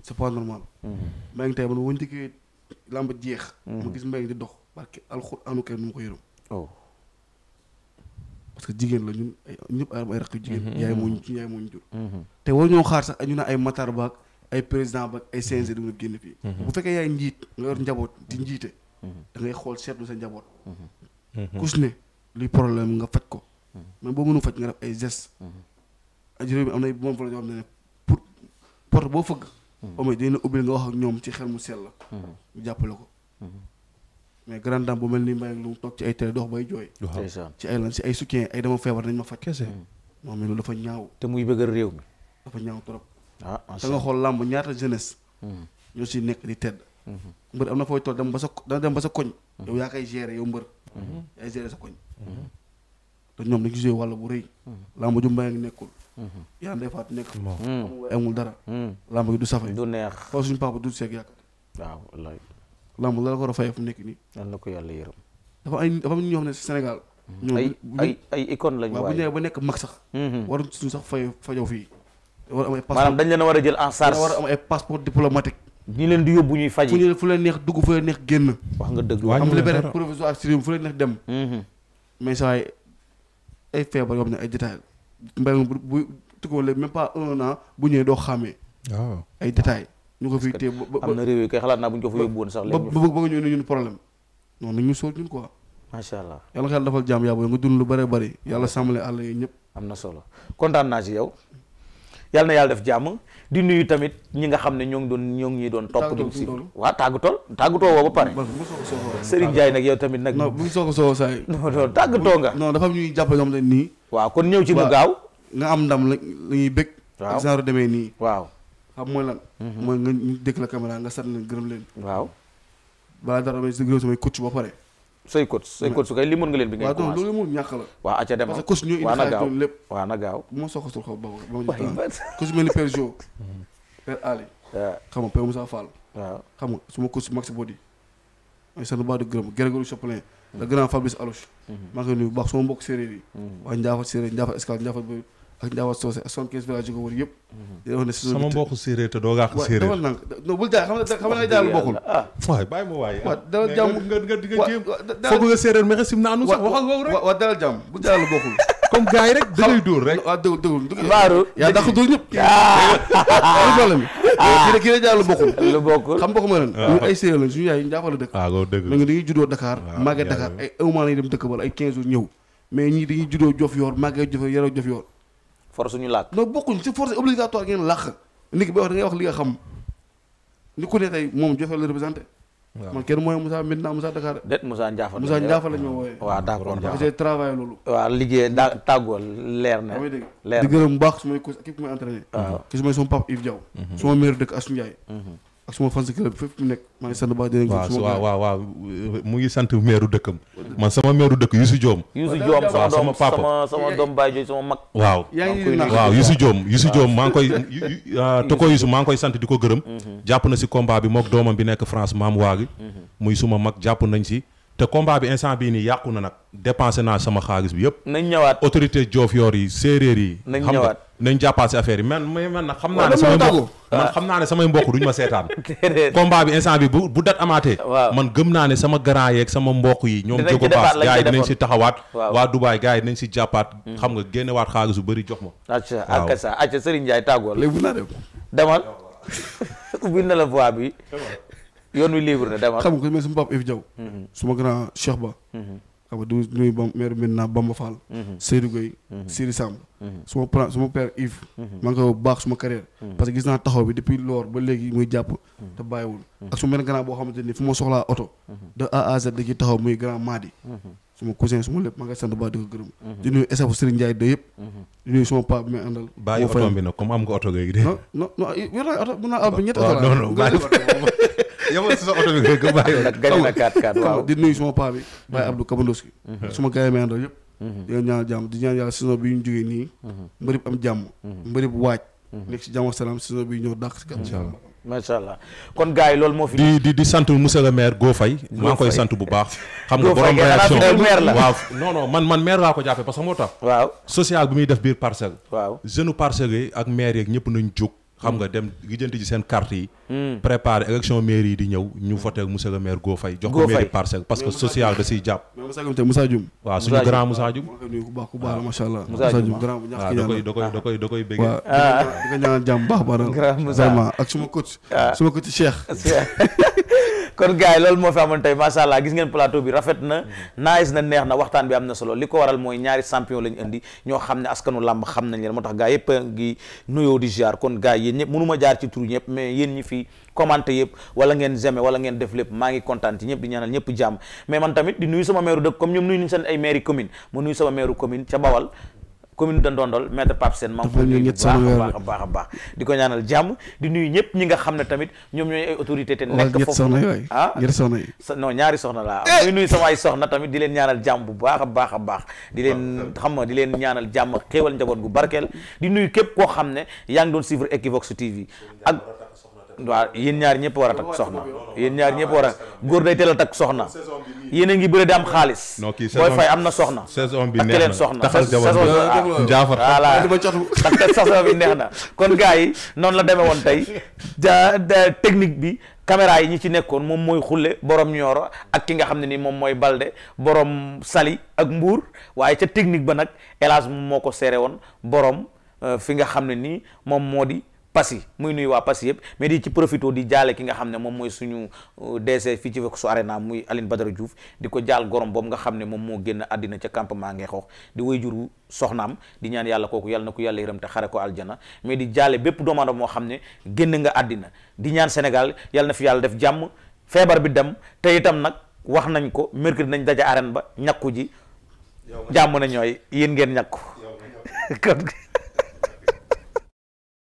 c'est pas normal maa mhm. ngi tey man wëñ jeex ma gis mbay di dox barke alxuraanu kenn nu ma oh. que jigéen la ñun ay ñëpp ay rakk jigéen yaay moo ñu ay matar baak ay ay CNG di mun a njiit nga yor njaboot di njiite da xool seetlu sa njaboot kus ne boo mënu faj nga def ay gestes réew mi am na moom fa la yoo xam ne pour porte boo fëgg hmm. au moins dina ubbil nga wax ak ñoom ci xel mu sell la hmm. ñu jàppale ko hmm. mais grande dame bu mel ni Mbaye lu mu toog ci ay télé dox bay jooy ci ay lan si ay soutien ay dafa ñaaw te muy bëggal réew mi dafa ñaaw trop ah da nga xool làmb ñaata jeunesse ñoo si nekk di tedd mbër am na fooy toll dem ba sa dana dem ba sa koñ yow yaa koy gérer yow mbër yaay gérer sa koñ te ñoom dañ ci joué bu rëy làmb ju Mbaye ngi nekkul Mm-hmm. yaa ndey faatu nekk fa mm-hmm. amul mm-hmm. amul dara lamb gi du safay du neex xool suñu papa du seeg yàkkat waaw wallaay la la ko war a fayee fu nekk nii yal na ko yàlla yërëm dafa ay dafa am ñoo xam ne si Sénégal ay ay ay icône lañu waaye bu nekk mag sax waruñ suñu sax fay fajow fii war am ay dañ leen a war a jël en am ay passeport diplomatique ñi leen di yóbbu ñuy faj fu ñu fu leen neex dugg fu leen neex génn wax nga dëgg am libéré provisoire fu leen neex dem mais saa ay feebar yoo xam ne ay détail mbéyum bu bu tukkoolee même pas un an bu ñëwee doo xàmmee. ay détails. ñu ko fiy téye ba ba am na réew yi kay naa bu ñu ko fa sax. léegi ñu ba ba nga ñëw ñun problème non nañ ñu sóor ñun quoi. macha allah yàlla xel dafal jàmm yaa booy nga dund lu bëree bëri yàlla sàmmale àll yi ñëpp. am na solo kontaan naa si yow yàlla na yàlla def jàmm di nuyu tamit ñi nga xam ne ñoo ngi doon ñoo ngi doon topp di si waa tàggatoo tàggatoo woo ba pare Serigne Ndiaye nag yow tamit nag non bu ngi soog a soog a saay waaw kon ñëw ci bu gaaw nga am ndam la ñuy bëgg waaw genre demee nii waaw xam mooy lan mhm. mooy nga ñu dëkk la caméra nga sant leen gërëm leen waaw balaa dara may gërëm samay coach ba pare say coach say coach su kay li nga leen bi ngay commencé loolu moom ñàkk la waaw acca dem parce que coach ñoo indi xaalis loolu lépp waaw na gaaw bu ma soxasul xaw ba ba mel ni Père Jo mhm. Père Ali ah. xam nga Père Moussa Fall waaw xam nga su ma coach Max Body Mhm. sama mbokk séeréer te doo gaax séeréer bul jaay xam ah. ma waay waaw dalal jàmm nga nga nga jéem foog nga séeréer mais xasim naanu sax waxal bul jaay lu bokkul comme gars yi rek da ngay dóor rek. waaw dëgg dëgg. waaru yaa dàq dóor ñëpp. Ah. problème bi ah. kii rek lu bokkul. lu bokkul xam bokkuma ren. Ah. ñu ay séeréer lañ suñu yaay ñu jaaxal dëkk. waaw dëgg ay un mois lañuy dem dëkk wala ay 15 jours ñëw. mais ñii dañuy juddoo jof yoor màggee jof yoor yaroo jof yoor. force ñu làkk. non bokkuñ c'est force obligatoire ngeen làkk. nit ki boo wax da ngay wax li xam ni ku ne tey moom jof yoor la représenté man kenn mooy Moussa maintenant Moussa Dakar. déet Moussa Ndiafa Moussa Ndiafa lañ ma wooyee. waaw d' accord parce que travail loolu. waaw liggéey daa tàggoo leer na. leer na di gërëm su may coach ak may entraîné. waaw su may sama papa Yves Diaw. Mhm. su ma dëkk Assou Ndiaye. Mhm. ak suma fans club fépp mu nekk maa ngi sant baax di waaw waaw waaw mu ngi sant meeru dëkkam man sama meeru dëkk Youssou Diom Youssou Diom waaw sama sama sama doom baay jooju sama mag waaw waaw Youssou Diom Youssou maa ngi koy ah, toko Youssou maa ngi koy sant di ko gërëm mhm. jàpp na si combat bi mook doomam bi nekk France maam waagi mhm. muy suma mag jàpp nañ si te combat bi instant bii nii yàqu na nag dépensé naa sama xaalis bi yëpp. nañ ñëwaat autorité Diofior yi séeréer yi. nañ ñëwaat nañ jàppaat si affaire yi man man nag xam naa ne samay xam naa ne samay mbokk duñ ma seetaan combat bi instant bi bu bu dat amaatee man gëm naa ne sama grand yeek sama mbokk yi ñoom jógo baas gars yi dinañ si taxawaat waa Dubaay gars yi dinañ si jàppaat mm. xam nga génnewaat xaalis bu bëri jox ma acca ak sa Ndiaye tàggoo léegi bu naa def bi yoon wi libre na dama xam nga ko mel sama papa Ibi Diaw mhm. suma grand Cheikh Ba mhm. xam nga du nuyu ba maire maintenant Bamba Fall mhm. Seydou Gueye Siri Samb suma plan suma père Yves maa ngi baax suma carrière parce que gis naa taxaw bi depuis loor ba léegi muy jàpp te bàyyiwul ak suma benn grand boo xamante ni fu ma soxlaa oto de A a Z da ciy taxaw muy grand Madi suma cousin suma lépp maa ngi sant ba di ko gërëm di nuyu SAF Serigne Ndiaye de yëpp di nuyu suma paa may àndal bàyyi oto bi nag yow si sa oto bi nga ko bàyyi woon. gañ na 4-4 waaw di nuyu suma paa bi. Baye mhm. Abdou Kabandoski. Mhm. suma gars yi may àndal yëpp. Mhm. di jàmm di ñaan yàlla saison bi ñu jógee nii. mbërib am jàmm. mbërib bi ñëw kon gars yi loolu moo fi. di di di sant monsieur le maire Go Faye. maa koy sant bu baax. xam nga borom réaction waaw non non man man maire laa ko jàppee parce que moo tax. waaw social bi muy def biir parcelle. waaw jeune parcelle yi ak maire yeeg ñëpp nañ jóg. xam nga dem lijjanti ci seen carte yi hmm. préparer élection mairie que social da siy jàpp Moussa Dioum waaw suñu grand Moussa Dioum ku baax ku baax ah. macha allah Moussa gis ngeen plateau bi rafet na hmm. naagis na neex na waxtaan bi am na solo li ko waral mooy ñaari champion la ñu indi ñoo xam ne askanu làmb xam nañ leen moo tax gars yëpp ngi nuyoo di ziar kon gars yi yéen ñëpp mënuma jaar ci tur ñëpp mais yéen ñi fi commenté yëpp wala ngeen zeme wala ngeen def lépp maa ngi kontaan ci ñëpp di ñaanal ñëpp jàmm mais man tamit di nuyu sama maire dëkk comme ñoom nuyu nañu seen ay maire commune ma nuyu sama maire commune ca Bawal commune de Ndondol maître Pape Sène maa bu baax a baax a baax di ko ñaanal jàmm di nuyu ñëpp ñi nga xam ne tamit ñoom ñooy ay autorité te nekk foofu soxna ah? ñetti soxna yi ñaari soxna laa eh! muy nuyu sama ay soxna tamit di leen ñaanal jàmm bu baax a baax a baax di leen ah, xam nga di leen ñaanal jàmm xéewal njaboot gu barkeel di nuyu képp koo xam ne yaa ngi doon suivre Equivox TV waaw yéen ñaar ñëpp war a takk soxna yéen ñaar ñëpp war a góor day teel a yéen a ngi bëri di am xaalis booy fay am na soxna saison bi neex na soxna njaafar voilà takk saison bi neex na kon gaa yi noonu la demee woon tey ja technique bi caméra yi ñi ci nekkoon moom mooy xule borom ñooro ak ki nga xam ne ni moom mooy balde borom sali ak mbuur waaye ca technique ba nag hélas moom moo ko seere woon borom euh, fi nga xam ne nii moom moo di Passy muy nuy waa Passy yëpp mais di ci profito di jaale ki nga xam ne moom mooy suñu euh, DC fii ci Vox Arena muy Aline Badara Diouf di ko jaal gorom boobu nga xam ne moom moo génn àddina ca campement Ngexoox di way juru soxnaam di ñaan yàlla kooku yàlla na ko yàlla yërëm te xare ko aljana mais di jaale bépp doomu moo xam ne génn nga àddina di ñaan senegal yàlla na fi yàlla def jàmm feebar bi dem te itam nag wax nañ ko mercredi nañ daja arène ba ñàkku ji jàmm na ñooy yéen ngeen ñàkku